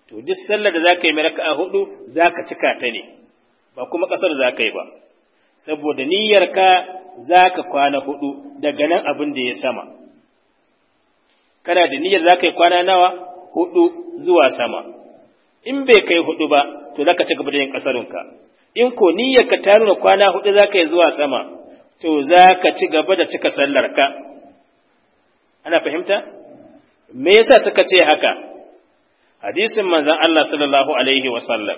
Speaker 1: to duk sallar da za ka yi mai raka'a hudu za ka cika ta ne ba kuma ƙasar za ka yi ba saboda niyyarka za ka kwana hudu daga nan abin da ya sama kana da niyyar za ka yi kwana nawa hudu zuwa sama in bai kai hudu ba to za ka ci gaba da yin ƙasarunka in ko niyyarka ta nuna kwana hudu za ka yi zuwa sama to za ka ci gaba da cika sallarka ana fahimta me yasa suka ce haka hadisin manzon Allah sallallahu alaihi wa sallam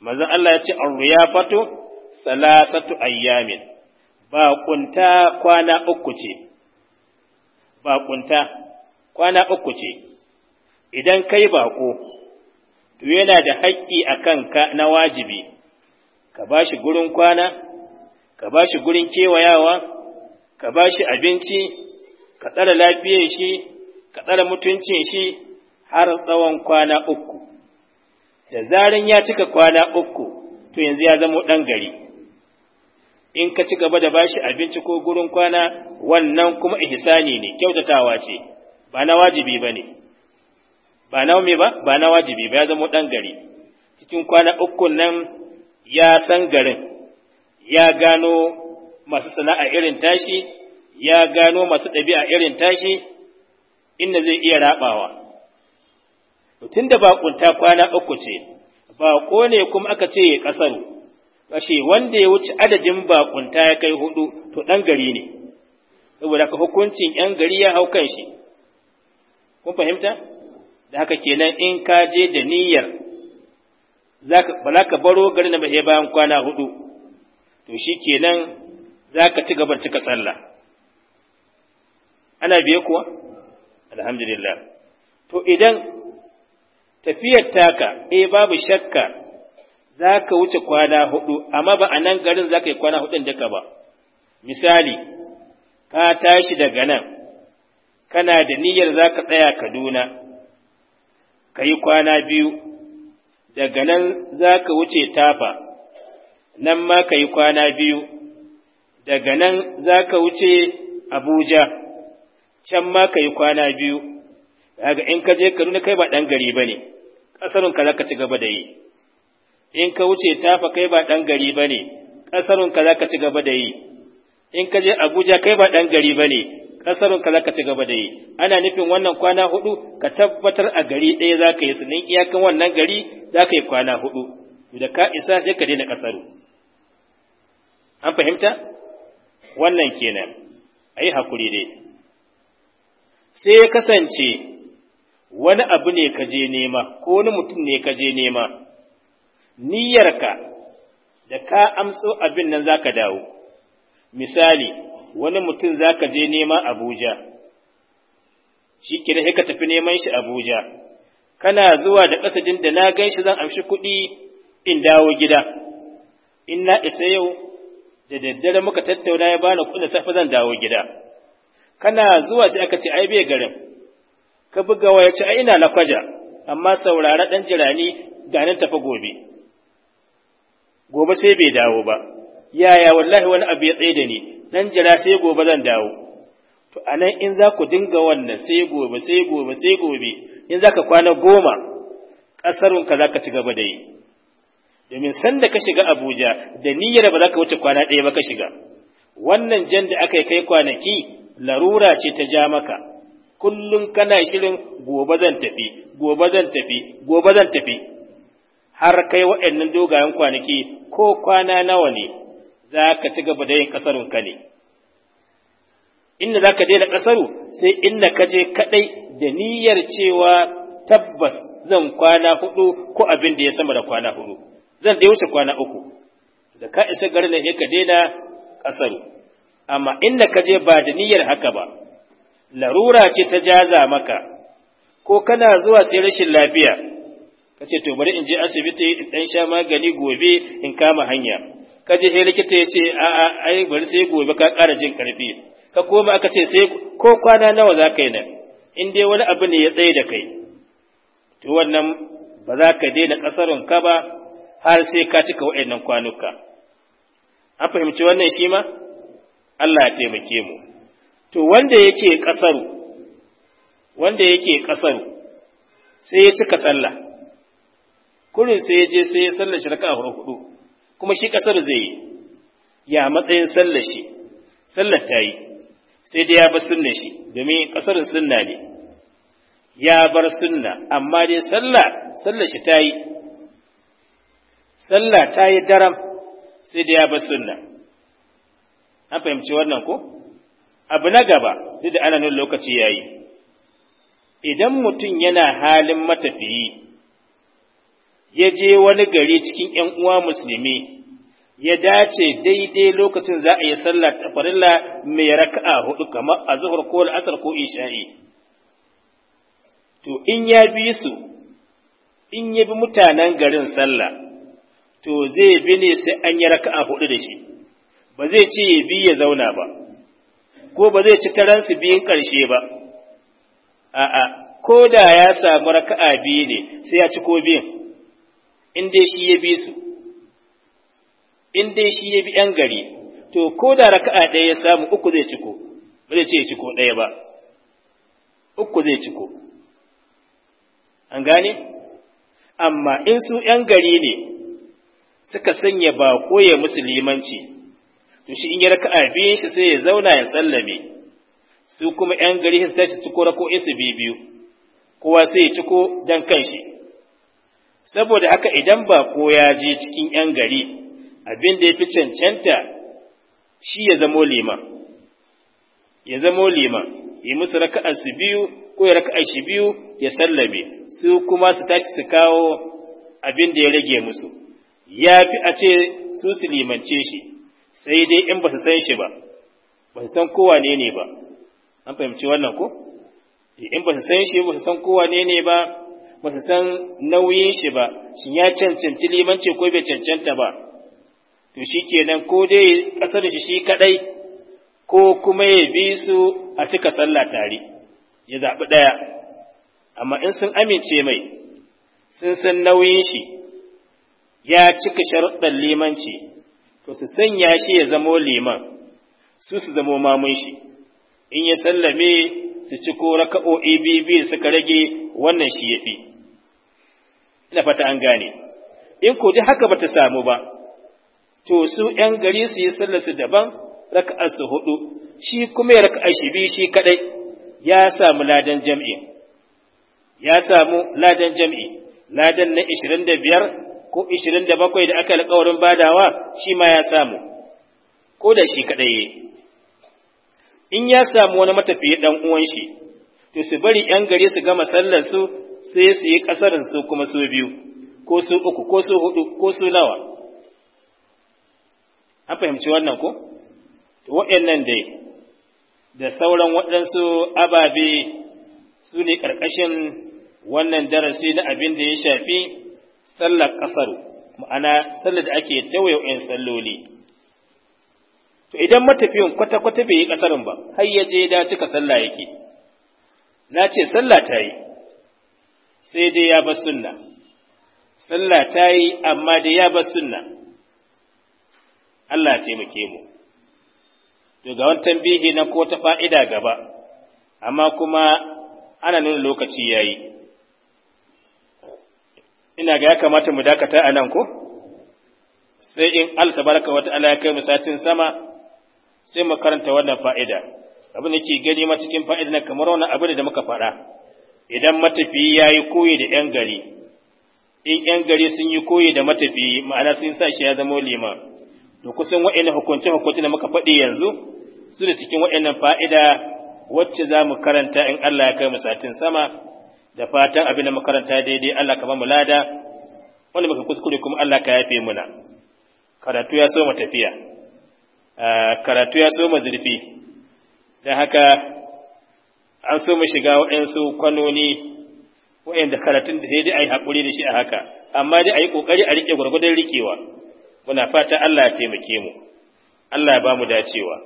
Speaker 1: manzon Allah ya ce ar-riyafatu salasatu ayyamin ba kunta kwana uku ce ba kunta kwana uku ce idan kai bako to yana da haƙƙi a kanka na wajibi ka ba shi gurin kwana ka ba shi gurin kewayawa ka ba shi abinci ka tsare lafiyar shi ka tsare mutuncin shi har tsawon kwana uku da zarin ya cika kwana uku to yanzu ya zama ɗan gari in ka ci gaba da bashi abinci ko gurin kwana wannan kuma ihsani ne kyautatawa ce ba na wajibi ba ne ba na wame ba ba na wajibi ba ya zama ɗan gari cikin kwana uku nan ya san garin ya gano masu sana'a irin tashi ya gano masu ɗabi'a irin tashi inda zai iya raɓawa tun da baƙunta kwana uku ce baƙo ne kuma aka ce ya ƙasaru ƙashe wanda ya wuce adadin baƙunta ya kai hudu to ɗan gari ne saboda ka hukuncin ‘yan gari ya hau kan shi kun fahimta da haka kenan in ka je da niyyar ba ka baro garin na ba bayan kwana hudu to shi kenan za ka ci gabar cika sallah ana biye kuwa alhamdulillah to idan tafiyar taka eh babu shakka za ka wuce kwana hudu amma ba a nan garin za ka yi kwana hudun duka ba misali ka tashi daga nan kana da niyyar za ka tsaya kaduna ka yi kwana biyu daga nan za ka wuce tafa nan ma ka yi kwana biyu daga nan za ka wuce abuja can ma ka yi kwana biyu daga in ka je ka nuna kai ba ɗan gari ba ne ƙasarunka za ka ci gaba da yi in ka wuce tafa kai ba ɗan gari ba ne ƙasarunka za ka ci gaba da yi in ka je abuja kai ba ɗan gari ba ne ƙasarunka za ka ci gaba da yi ana nufin wannan kwana hudu ka tabbatar a gari ɗaya za ka yi su nin iyakan wannan gari za ka yi kwana hudu da ka isa sai ka daina ƙasaru an fahimta wannan kenan a yi haƙuri dai sai ya kasance wani abu ne ka je nema ko wani mutum ne ka je nema niyyarka da ka amso abin nan za ka dawo misali wani mutum za ka je nema abuja shi ke sai ka tafi neman shi abuja kana zuwa da kasajin da na gan shi zan amshi kuɗi in dawo gida in na isa yau da daddare muka tattauna ya bani kuɗin safe zan dawo gida kana zuwa sai aka ce ai bai garin ka buga waya ce ai ina lakwaja amma saurara dan jirani ganin tafi gobe gobe sai bai dawo ba yaya wallahi wani abu ya tsaye da ni nan jira sai gobe zan dawo to anan in za ku dinga wannan sai gobe sai gobe sai gobe in za ka kwana goma ƙasarunka za ka ci gaba da yi domin sanda ka shiga Abuja da niyyar ba za ka wuce kwana ɗaya ba ka shiga wannan jan da aka yi kai kwanaki larura ce ta ja maka kullum kana shirin gobe zan tafi gobe zan tafi gobe zan tafi har kai waɗannan dogayen kwanaki ko kwana nawa ne za ka ci gaba da yin ka ne inda za ka daina ƙasaru sai inda ka je kaɗai da niyyar cewa tabbas zan kwana hudu ko abin da ya sama da kwana hudu zan dai wuce kwana uku da ka isa garin ne ka daina ƙasaru amma inda ka je ba da niyyar haka ba larura ce ta jaza maka ko kana zuwa sai rashin lafiya ka ce to bari in je asibiti in dan sha magani gobe in kama hanya ka je sai likita ya ce a a ai bari sai gobe ka ƙara jin karfi ka koma aka ce sai ko kwana nawa za ka yi nan in dai wani abu ne ya tsaye da kai to wannan ba za ka daina ƙasarun ka ba har sai ka cika wa'annan kwanuka an fahimci wannan shi ma Allah ya taimake mu to wanda yake kasaru wanda yake kasaru sai ya cika sallah kurin sai ya je sai ya sallar shi raka'a hudu kuma shi kasar zai yi ya matsayin sallar shi sallar ta yi sai dai ya bar sunna shi domin kasar sunna ne ya bar sunna amma dai sallah sallar shi ta yi sallah ta yi daram sai dai ya bar sunna an fahimci wannan ko abu na gaba duk da ana nuna lokaci yayi idan mutum yana halin matafiyi ya je wani gari cikin ‘yan uwa musulmi, ya dace daidai lokacin za a yi ta tafarilla mai raka'a hudu kamar a zuhur ko al'asar ko isha'i. To, in ya bi su, in ya bi mutanen garin sallah, to zai bi ne sai an yi raka'a hudu da shi. ba zai ce ya bi ya zauna ba ko ba zai ci taransu biyun ƙarshe ba a'a ko da ya samu raka'a biyu ne sai ya ci ko biyun in dai shi ya bi su in dai shi ya bi ‘yan gari to ko da raka'a ɗaya ya samu uku zai ciko ba zai ce ya ciko ɗaya ba uku zai ciko an gane amma in su ‘yan gari ne suka sanya ba koya musu limanci to shi in ya raka'a abin shi sai ya zauna ya sallame su kuma ‘yan gari su tashi ciko rako'in su biyu kowa sai ya ciko dan kanshi saboda haka idan ba ko ya je cikin ‘yan gari abin da ya fi cancanta shi ya zamo liman ya zamo liman yi musu raka'ar su biyu ko ya raka'ar shi biyu ya sallame su kuma su tashi su kawo abin da ya rage musu ya fi a ce su su limance shi sai dai in ba su san shi ba ba su san kowa ne ne ba an fahimci wannan ko eh, in ba su san shi ba su san kowa ne ne ba ba su san nauyin shi ba shi ya cancanci limanci ko bai cancanta ba to shi kenan ko dai kasar shi shi kaɗai ko kuma ya bi su a cika sallah tare ya zaɓi ɗaya amma in sun amince mai sun san nauyin shi ya cika sharuɗɗan limanci to su sanya shi ya zamo liman su su zamo mamun shi in ya sallame su ci ko raka'o'i da suka rage wannan shi ya fi ina fata an gane in ko dai haka bata samu ba to su ‘yan gari su yi sallarsu daban raka'arsu hudu shi kuma ya raka'ar shi biyu shi kadai ya samu ladan jam'i ya samu ladan jam'i ladan na 25 ko 27 da aka alƙawarin badawa shi ma ya samu ko da shi kadai in ya samu wani matafiya dan uwan shi to su bari yan gare su gama sallar su sai su yi kasarin su kuma su biyu ko su uku ko su hudu ko su nawa an fahimci wannan ko to waɗannan dai da sauran waɗansu ababe su ne ƙarƙashin wannan darasi na abin da ya shafi sallar ƙasar ma'ana sallar da ake tawaye salloli to idan matafiyin kwata-kwata bai yi ƙasarin ba har ya je da cika sallah yake na ce sallah ta yi sai dai ya bar sunna sallah ta yi amma dai ya bar sunna Allah taimake mu to ga wannan tambihi na ko ta fa'ida gaba amma kuma ana nuna lokaci yayi ina ga ya kamata mu dakata a nan ko sai in Allah tabaraka wata ala ya kai mu sama sai mu karanta wannan fa'ida abin da ke gani ma cikin fa'ida na kamar wannan abin da muka faɗa idan matafiyi ya yi koyi da ‘yan gari in ‘yan gari sun yi koyi da matafiyi ma'ana sun sa shi ya zama lima. to kusan wa'ina hukunci hukunci da muka faɗi yanzu su da cikin wa'innan fa'ida wacce za mu karanta in Allah ya kai mu satin sama da fatan abin da makaranta daidai Allah ka ba mu lada wanda muka kuskure kuma Allah ka yafe muna karatu ya so mu tafiya karatu ya so mu zurfi dan haka an so mu shiga waɗansu kwanoni waɗanda karatun da daidai dai yi hakuri da shi a haka amma dai a yi kokari a rike gurgurdan rikewa muna fata Allah ya taimake mu Allah ya ba mu dacewa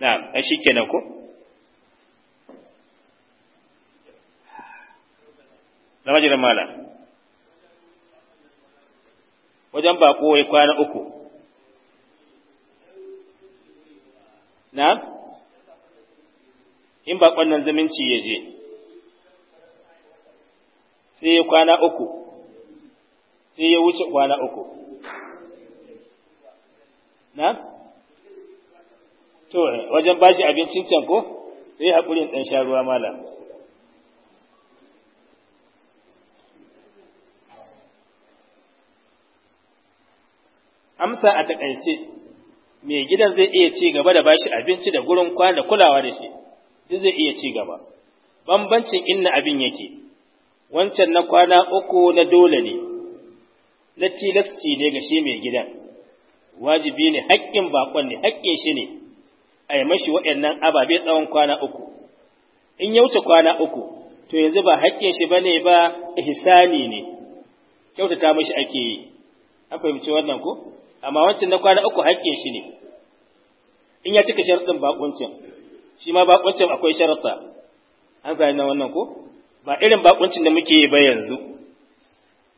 Speaker 1: na'am shi shikenan ko na majirin mala wajen bako wai kwana uku na in ba kwannan zaminci ya je sai ya kwana uku sai ya wuce kwana uku na to wajen bashi abincin can ko sai haƙurin ɗan sha ruwa malam amsa a takaice mai gidan zai iya ci gaba da bashi abinci da gurin kwana da kulawa da shi duk zai iya ci gaba bambancin inna abin yake wancan na kwana uku na dole ne na tilasci ne ga shi mai gidan wajibi ne haƙƙin bakon ne haƙƙin shi ne a yi mashi waɗannan ababe tsawon kwana uku in ya wuce kwana uku to yanzu ba haƙƙin shi ba ne ba ihsani ne kyautata mashi ake yi an fahimci wannan ko amma wancan na kwana uku haƙƙin shi ne in ya cika sharaɗin baƙuncin shi ma bakuncin akwai sharaɗa an zai na wannan ko ba irin baƙuncin da muke yi ba yanzu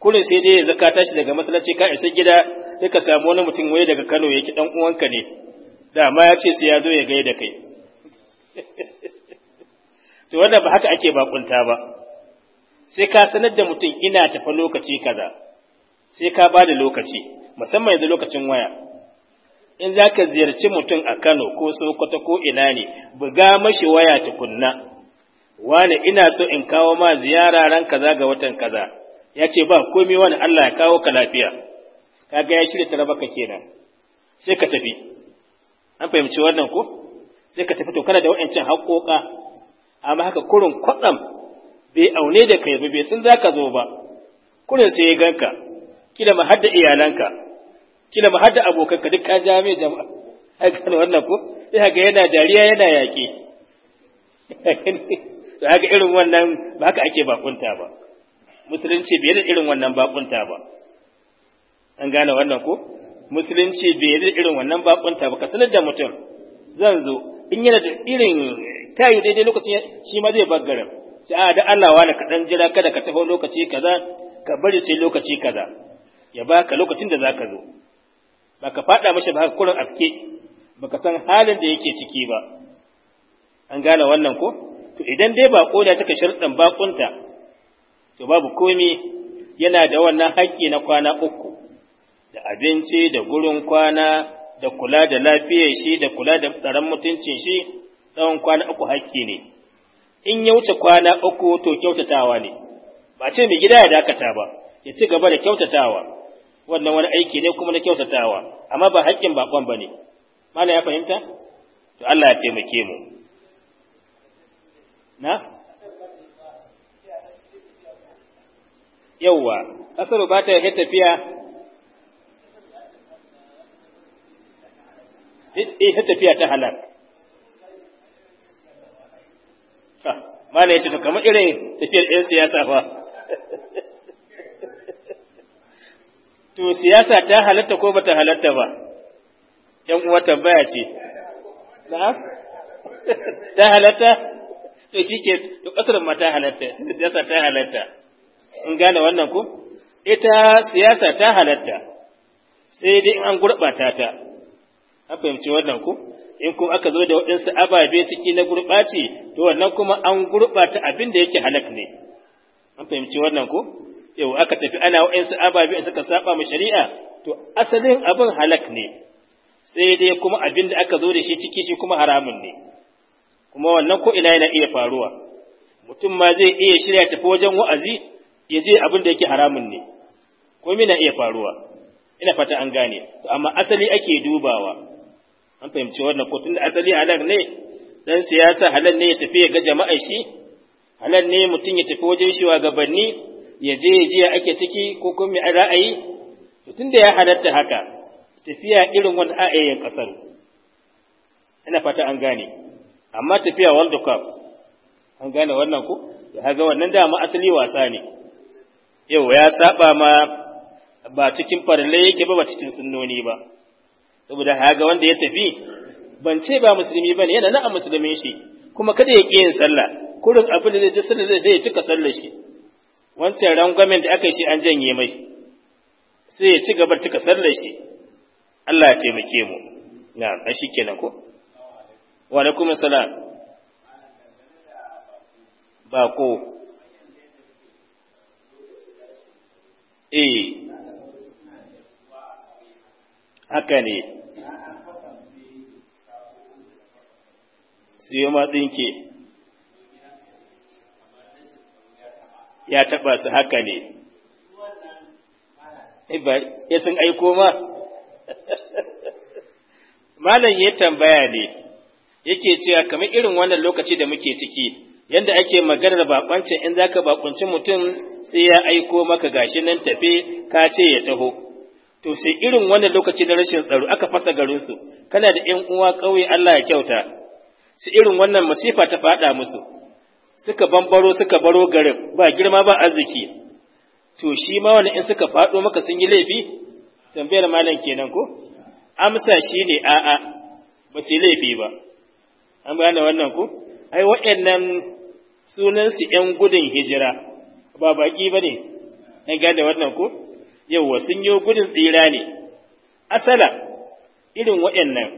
Speaker 1: kullum sai dai ya zaka tashi daga masallaci ka isa gida sai ka samu wani mutum waye daga Kano yake dan uwanka ne dama ya ce sai ya zo ya da kai to wannan ba haka ake bakunta ba sai ka sanar da mutum ina tafa lokaci kaza sai ka ba da lokaci musamman yanzu lokacin waya in za ka ziyarci mutum a Kano ko Sokoto ko ina ne buga mashi waya tukunna wani ina so in kawo ma ziyara ran kaza ga watan kaza ya ce ba komai wani Allah ya kawo ka lafiya kaga ya shirya ta ka kenan sai ka tafi an fahimci wannan ko sai ka tafi to kana da wa'ancin haƙoƙa amma haka kurin kwatsam bai aune da kai ba bai san za ka zo ba kurin sai ya ganka kila ma hadda iyalanka kila ma hadda abokanka duk ka jami jama'a haka ne wannan ko sai haka yana dariya yana yaƙi to haka irin wannan ba haka ake bakunta ba musulunci bai da irin wannan bakunta ba an gane wannan ko musulunci bai da irin wannan bakunta ba ka sanar da mutum zan zo in yana da irin tayi daidai lokacin shi ma zai baggaran sai a da Allah wani kaɗan jira kada ka taho lokaci kaza ka bari sai lokaci kaza ya baka lokacin da zaka zo baka fada mashi ba kurin afke baka san halin da yake ciki ba an gane wannan ko to idan dai ba koda cika sharɗan bakunta to babu komi yana da wannan haƙƙi na kwana uku da abinci da gurin kwana da kula da lafiyar shi da kula da tsaron mutuncin shi tsawon kwana uku haƙƙi ne in ya wuce kwana uku to kyautatawa ne ba ce mai gida ya dakata ba ya ci gaba da kyautatawa wannan wani aiki ne kuma na kyautatawa amma ba haƙƙin baƙon ba ne mana ya fahimta to Allah ya taimake mu na yauwa ƙasar ba ta yi eh, tafiya ta tafiya ta halar ah, mana ya ce to kamar irin tafiyar 'yan siyasa ba, to siyasa ta halatta ko bata halatta ba ‘yan uwa tambaya ce na'am ta halatta to shi ke to ƙasar ma ta halatta siyasa ta halatta in gane wannan ku ita siyasa ta halatta sai dai an gurɓata ta an fahimci wannan ku in kuma aka zo da waɗansu ababe ciki na gurɓaci to wannan kuma an gurɓata abin da yake halak ne an fahimci wannan ku yau aka tafi ana wa'insu ababe suka saba ma shari'a to asalin abin halak ne sai dai kuma abin da aka zo da shi ciki shi kuma haramun ne kuma wannan ko ina yana iya faruwa mutum ma zai iya shirya tafi wajen wa'azi ya je abin da yake haramun ne ko na iya faruwa ina fata an gane to amma asali ake dubawa an fahimci wannan ko tunda asali halak ne dan siyasa halal ne ya tafi ya ga jama'a shi halal ne mutum ya tafi wajen shi wa gabanni? ya je ya jiya ake ciki ko kuma mai ra'ayi tun da ya halatta haka tafiya irin wani ayayin ƙasar ina fata an gane amma tafiya world cup an gane wannan ko haga wannan dama asali wasa ne yau ya saba ma ba cikin farle yake ba ba cikin sunnoni ba saboda haga wanda ya tafi ban ce ba musulmi bane yana na a musulmin shi kuma kada ya ƙi yin sallah kurin abin da zai ci sallah zai cika sallar shi wancan rangwamen da aka shi an janye mai sai ya ci gaba cika sallar shi Allah ya taimake mu na a shi kenan ko wa alaikum salam ko, eh haka ne siyo ma dinki ya taɓa su haka ne ya eh, eh, sun aiko ma malam ya tambaya ne yake cewa kamar irin wannan lokaci da muke ciki yadda ake maganar bakuncin in za zaka bakunci mutum sai ya aiko maka gashi nan tafe ka ce ya taho to sai irin wannan lokaci na rashin tsaro aka fasa garinsu. kana da 'yan uwa ƙauye Allah ya kyauta sai irin wannan masifa ta faɗa musu suka bambaro suka baro garin ba girma ba arziki to shi ma wani in suka faɗo maka sun yi laifi tambayar malam kenan ko amsa shi ne a'a ba su laifi ba an gane wannan ko ai waɗannan su ‘yan gudun hijira ba baƙi ba ne an gane wannan ko yawwa sun yi gudun tsira ne asala irin waɗannan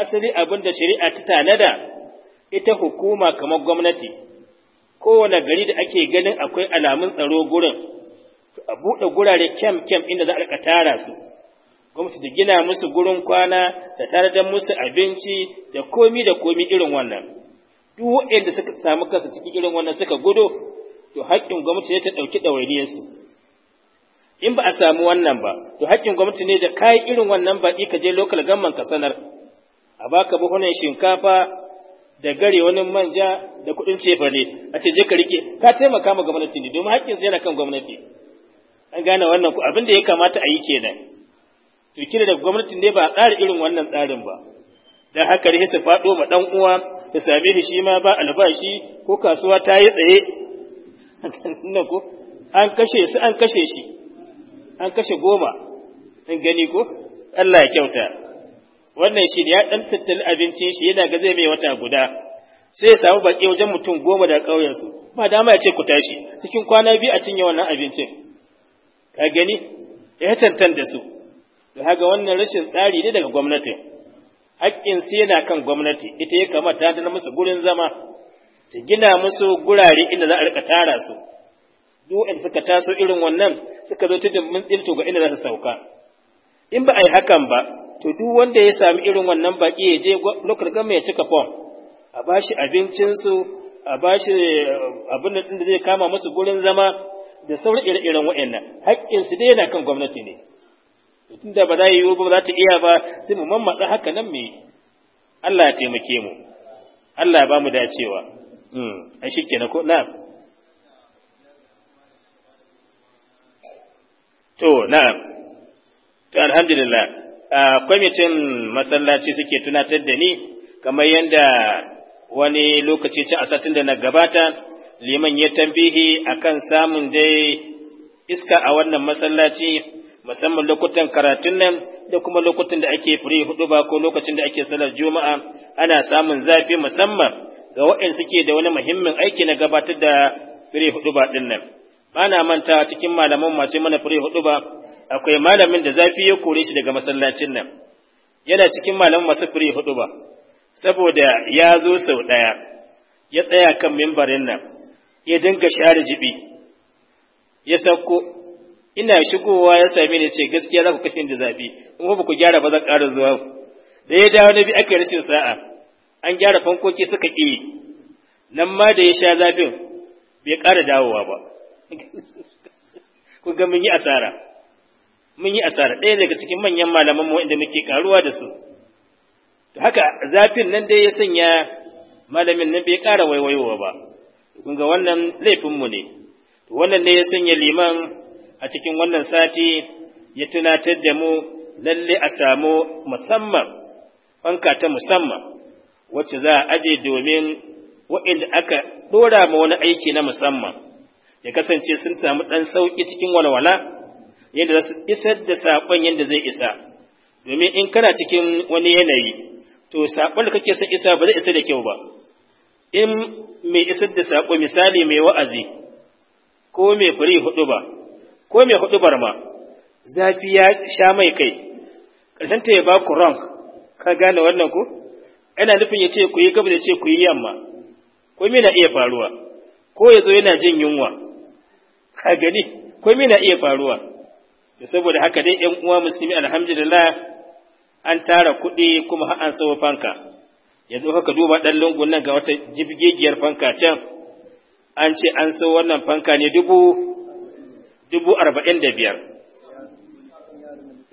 Speaker 1: asali abin da shari'a ta tanada ita hukuma kamar gwamnati kowane gari da ake ganin akwai alamun tsaro gurin a buɗe gurare kyam kyam inda za a rika tara su gwamnati da gina musu gurin kwana da da musu abinci da komi da komi irin wannan duk waɗanda suka samu kansu cikin irin wannan suka gudo to haƙƙin gwamnati ne ta ɗauki ɗawainiyarsu in ba a samu wannan ba to haƙƙin gwamnati ne da kayi irin wannan baƙi ka je lokal gamman ka sanar a baka buhunan shinkafa da gare wani manja da kuɗin cefane ne a ce je ka rike ka taimaka ma gwamnati ne domin haƙƙinsa yana kan gwamnati an gane wannan abin da ya kamata a yi kenan to kira da gwamnati ne ba tsara irin wannan tsarin ba dan haka ne su faɗo ma ɗan uwa ta same shi shi ma ba albashi ko kasuwa ta yi tsaye ko an kashe su an kashe shi an kashe goma an gani ko Allah ya kyauta wannan shi ya ɗan tattali abincin shi yana ga zai mai wata guda sai ya samu baki wajen mutum goma da ƙauyensu ba dama ya ce ku tashi cikin kwana biyu a cinye wannan abincin ka gani ya tantan da su da haka wannan rashin tsari ne daga gwamnati? haƙƙin su yana kan gwamnati ita ya kamata ta musu gurin zama ta gina musu gurare inda za a rika tara su duk in suka taso irin wannan suka zo tudun mun tsinto ga inda za su sauka in ba a yi hakan ba to duk wanda ya sami irin wannan baki ya je lokar gama ya cika form a ba shi abincinsu a ba shi eh, abin da zai kama musu gurin zama da sauran ire-iren waɗannan haƙƙinsu dai yana kan gwamnati ne tunda ba za yi ba za ta iya ba sai mu mammaɗa haka nan me Allah ya taimake mu Allah ya ba mu dacewa hmm, shi ke na ko na? to na, to alhamdulillah kwamitin masallaci suke tunatar da ni kamar yadda wani lokaci ci a satin da na gabata liman ya tambihi akan samun dai iska a wannan masallaci musamman lokutan karatun nan da kuma lokutan da ake fure hudu ba ko lokacin da ake salar juma'a ana samun zafi musamman ga waɗanda suke da wani muhimmin aiki na gabatar da fure hudu ba ɗin nan ana manta cikin malaman masu mana fure hudu ba akwai malamin da zafi ya kore shi daga masallacin nan yana cikin malamin masu firi hudu ba saboda ya zo sau ɗaya ya tsaya kan mimbarin nan ya dinga share jibi ya sako. ina shigowa ya same ni ce gaskiya za ku kashe da zafi in ba ku gyara ba zan ƙara zuwa da ya dawo na bi aka rashin sa'a an gyara fankoki suka ƙi nan ma da ya sha zafin bai ƙara dawowa ba ku ga mun yi asara mun yi asara ɗaya daga cikin manyan malaman mu inda muke karuwa da su to haka zafin nan dai ya sanya malamin nan bai ƙara waiwayowa ba kun ga wannan laifin mu ne to wannan ne ya sanya liman a cikin wannan sati ya tunatar da mu lalle a samu musamman fanka ta musamman wacce za a aje domin waɗanda aka ɗora ma wani aiki na musamman ya kasance sun samu ɗan sauƙi cikin walwala yadda za su isar da saƙon yadda zai isa domin in kana cikin wani yanayi to saƙon da kake son isa ba zai isa da kyau ba in mai isar da saƙo misali mai wa'azi ko mai fari hudu ba ko mai hudu ma zafi ya sha mai kai ƙarshenta ya ba ku ran ka gane wannan ku ana nufin ya ce ku yi gaba da ce ku yi yamma ko na iya faruwa ko ya zo yana jin yunwa ka gani ko na iya faruwa saboda haka dai ‘yan uwa musulmi alhamdulillah an tara kuɗi kuma har an sawo fanka yanzu haka duba ɗan lungun nan ga wata jibgegiyar fanka can an ce an sawo wannan fanka ne dubu dubu arba'in da biyar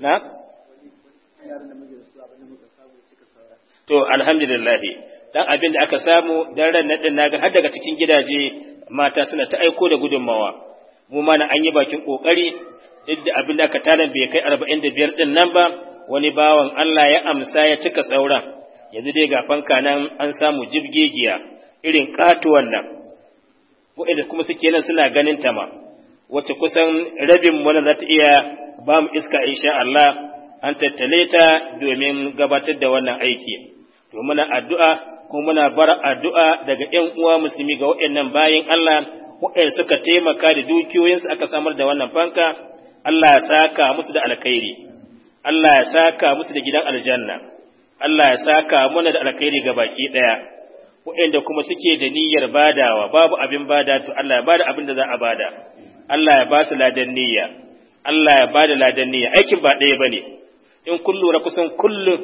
Speaker 1: na to alhamdulillah dan abin da aka samu dan ran na din naga har daga cikin gidaje mata suna ta aiko da gudunmawa mu ma an yi bakin kokari duk da abin da aka tara bai kai arba'in 45 din nan ba wani bawan Allah ya amsa ya cika sauran yanzu dai ga fanka nan an samu jibgegiya irin katuwan nan Waɗanda kuma suke nan suna ganin ta ma wacce kusan rabin wannan za ta iya ba mu iska insha Allah an tattale ta domin gabatar da wannan aiki to muna addu'a kuma muna bar addu'a daga ƴan uwa musulmi ga waɗannan bayin Allah waɗanda suka taimaka da dukiyoyinsu aka samar da wannan fanka Allah ya saka musu da alkhairi Allah ya saka musu da gidan aljanna Allah ya saka mana da alkhairi ga baki ɗaya waɗanda kuma suke da niyyar badawa babu abin bada to Allah ya bada abin da za a bada Allah ya ba su ladan niyya Allah ya bada ladan niyya aikin ba ɗaya bane in kun lura kusan kullum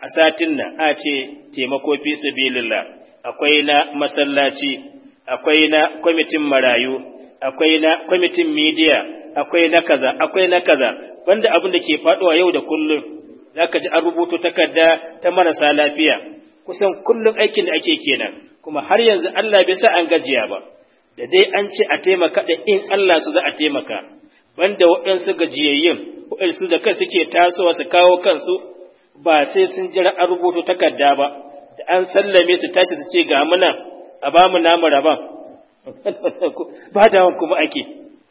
Speaker 1: a satin nan a ce taimako fi sabilillah akwai na masallaci akwai na kwamitin marayu akwai na kwamitin midiya akwai na kaza akwai na kaza wanda abin da ke faduwa yau da kullum zaka ji an rubuto takarda ta marasa lafiya kusan kullum aikin da ake kenan kuma har yanzu Allah bai sa an gajiya ba da dai an ce a taimaka da in Allah su za a taimaka Banda waɗansu gajiyayyun waɗansu da kai suke tasowa su kawo kansu ba sai sun jira an rubuto takarda ba da an sallame su tashi su ce ga muna a ba mu namu rabon ba da kuma ake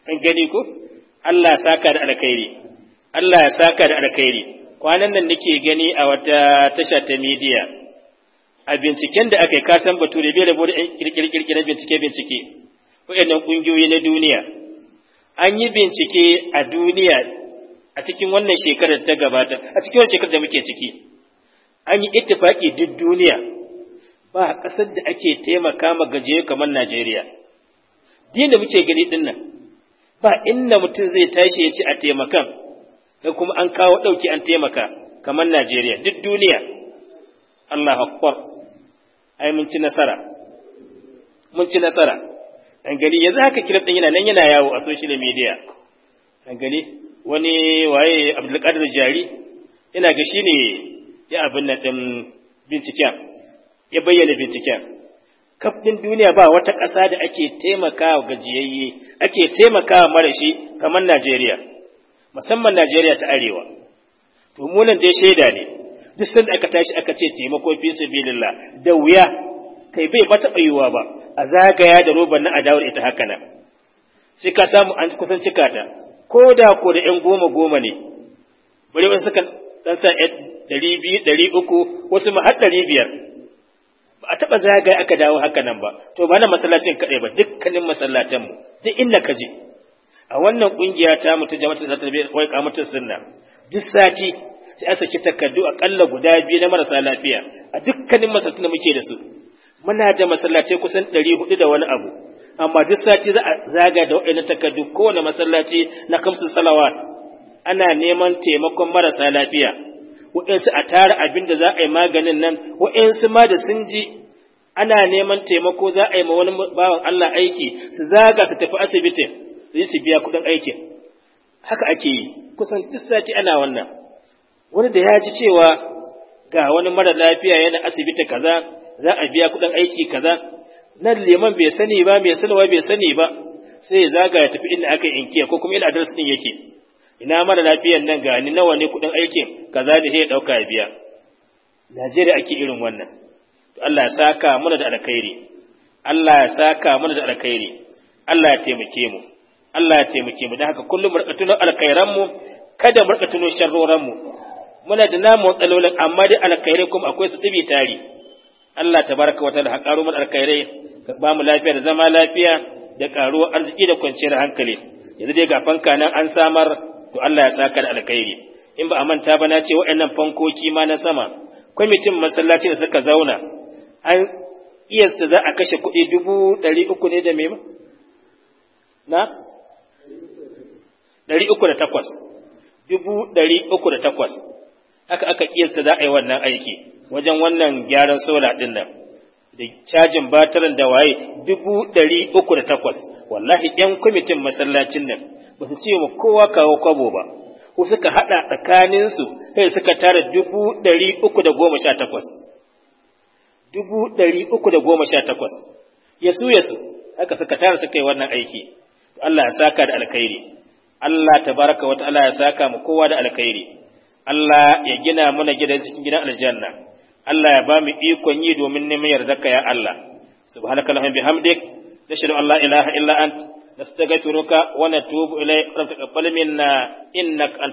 Speaker 1: an gani ku? Allah ya saka da alkhairi Allah ya saka da alkhairi kwanan nan nake gani a wata tasha ta media a binciken da aka yi kasan bature bai rabo da kirkirkirkira bincike bincike waɗannan ƙungiyoyi na duniya an yi bincike a duniya a cikin wannan shekarar ta gabata a cikin wannan shekarar da muke ciki an yi ittifaki duk duniya ba ƙasar da ake taimaka ma gajiye kamar Najeriya. Din da muke gani din nan, ba inda mutum zai tashi ya ci a taimakan, ko kuma an kawo ɗauki an taimaka kamar Najeriya, duk duniya. Allah akbar ai mun ci nasara, mun ci nasara. gani yanzu haka kira ɗin yana nan yana yawo a social media. gani wani waye Abdulkadir Jari, Ina ga shi ne ya abin nan ɗin binciken. ya bayyana binciken kafin duniya ba wata ƙasa da ake taimaka wa gajiyayye ake taimaka wa marashi kamar Najeriya musamman Najeriya ta arewa to mu dai shaida ne duk sanda aka tashi aka ce taimako fi sabilillah da wuya kai bai mata taɓa ba a zagaya da roban na adawar ita haka nan sai ka samu an kusan cika ta ko da ko da 'yan goma goma ne bari wasu sukan dan sa ɗari biyu ɗari uku wasu ma har ɗari biyar ba a taɓa zagaye aka dawo haka nan ba to ba na masallacin kaɗai ba dukkanin masallatanmu duk inda ka je a wannan ƙungiya ta mutu jama'a ta tarbiyyar wai kamutun sunna duk sati sai an saki takardu aƙalla guda biyu na marasa lafiya a dukkanin masallacin da muke da su muna da masallatai kusan ɗari hudu da wani abu amma duk sati za a zaga da waɗannan takardu kowane masallaci na kamsin salawa, ana neman taimakon marasa lafiya waɗansu a tara abin da za a yi maganin nan waɗansu ma da sun ji ana neman taimako za a yi ma wani bawan Allah aiki su zaga su tafi asibitin su yi su biya kuɗin aiki. haka ake yi kusan duk sati ana wannan wani da ya ji cewa ga wani mara lafiya yana asibiti kaza za a biya kuɗin aiki kaza nan liman bai sani ba mai salwa bai sani ba sai ya zaga ya tafi inda aka inkiya ko kuma ina adres din yake ina mara lafiyan nan ga ni nawa ne kuɗin aikin kaza da sai dauka ɗauka ya biya Najeriya ake irin wannan Allah ya saka mana da alkhairi Allah ya saka mana da alkhairi Allah ya taimake mu Allah ya taimake mu dan haka kullum mu rika alkhairan mu kada mu rika sharroran mu muna da namu matsalolin amma dai alkhairai kuma akwai su tsibi tari Allah tabaraka wa ta'ala haƙaro mana alkhairai ka ba mu lafiya da zama lafiya da ƙaruwar arziki da kwanciyar hankali yanzu dai ga fanka nan an samar to Allah ya saka da alkhairi in ba a manta ba na ce waɗannan fankoki ma na sama kwamitin masallaci da suka zauna an iyasta za a kashe kuɗi dubu ɗari uku ne da mema na ɗari uku da takwas dubu ɗari uku da takwas haka aka iyasta za a yi wannan aiki wajen wannan gyaran sola ɗin nan da cajin batirin da waye dubu ɗari uku da takwas wallahi ‘yan kwamitin masallacin nan ba su ce wa kowa kawo kwabo ba ko suka haɗa tsakaninsu sai suka tara dubu ɗari uku da goma sha takwas dubu ɗari uku da goma sha takwas yasu yasu haka suka tara suka yi wannan aiki Allah ya saka da alkhairi Allah ta baraka wata Allah ya saka mu kowa da alkhairi Allah ya gina mana gidan cikin gidan aljanna Allah ya ba mu ikon yi domin neman ka ya Allah subhanakallahumma bihamdik nashhadu an la ilaha illa anta na siya kai turu ka wani ya tuku illai fara na ina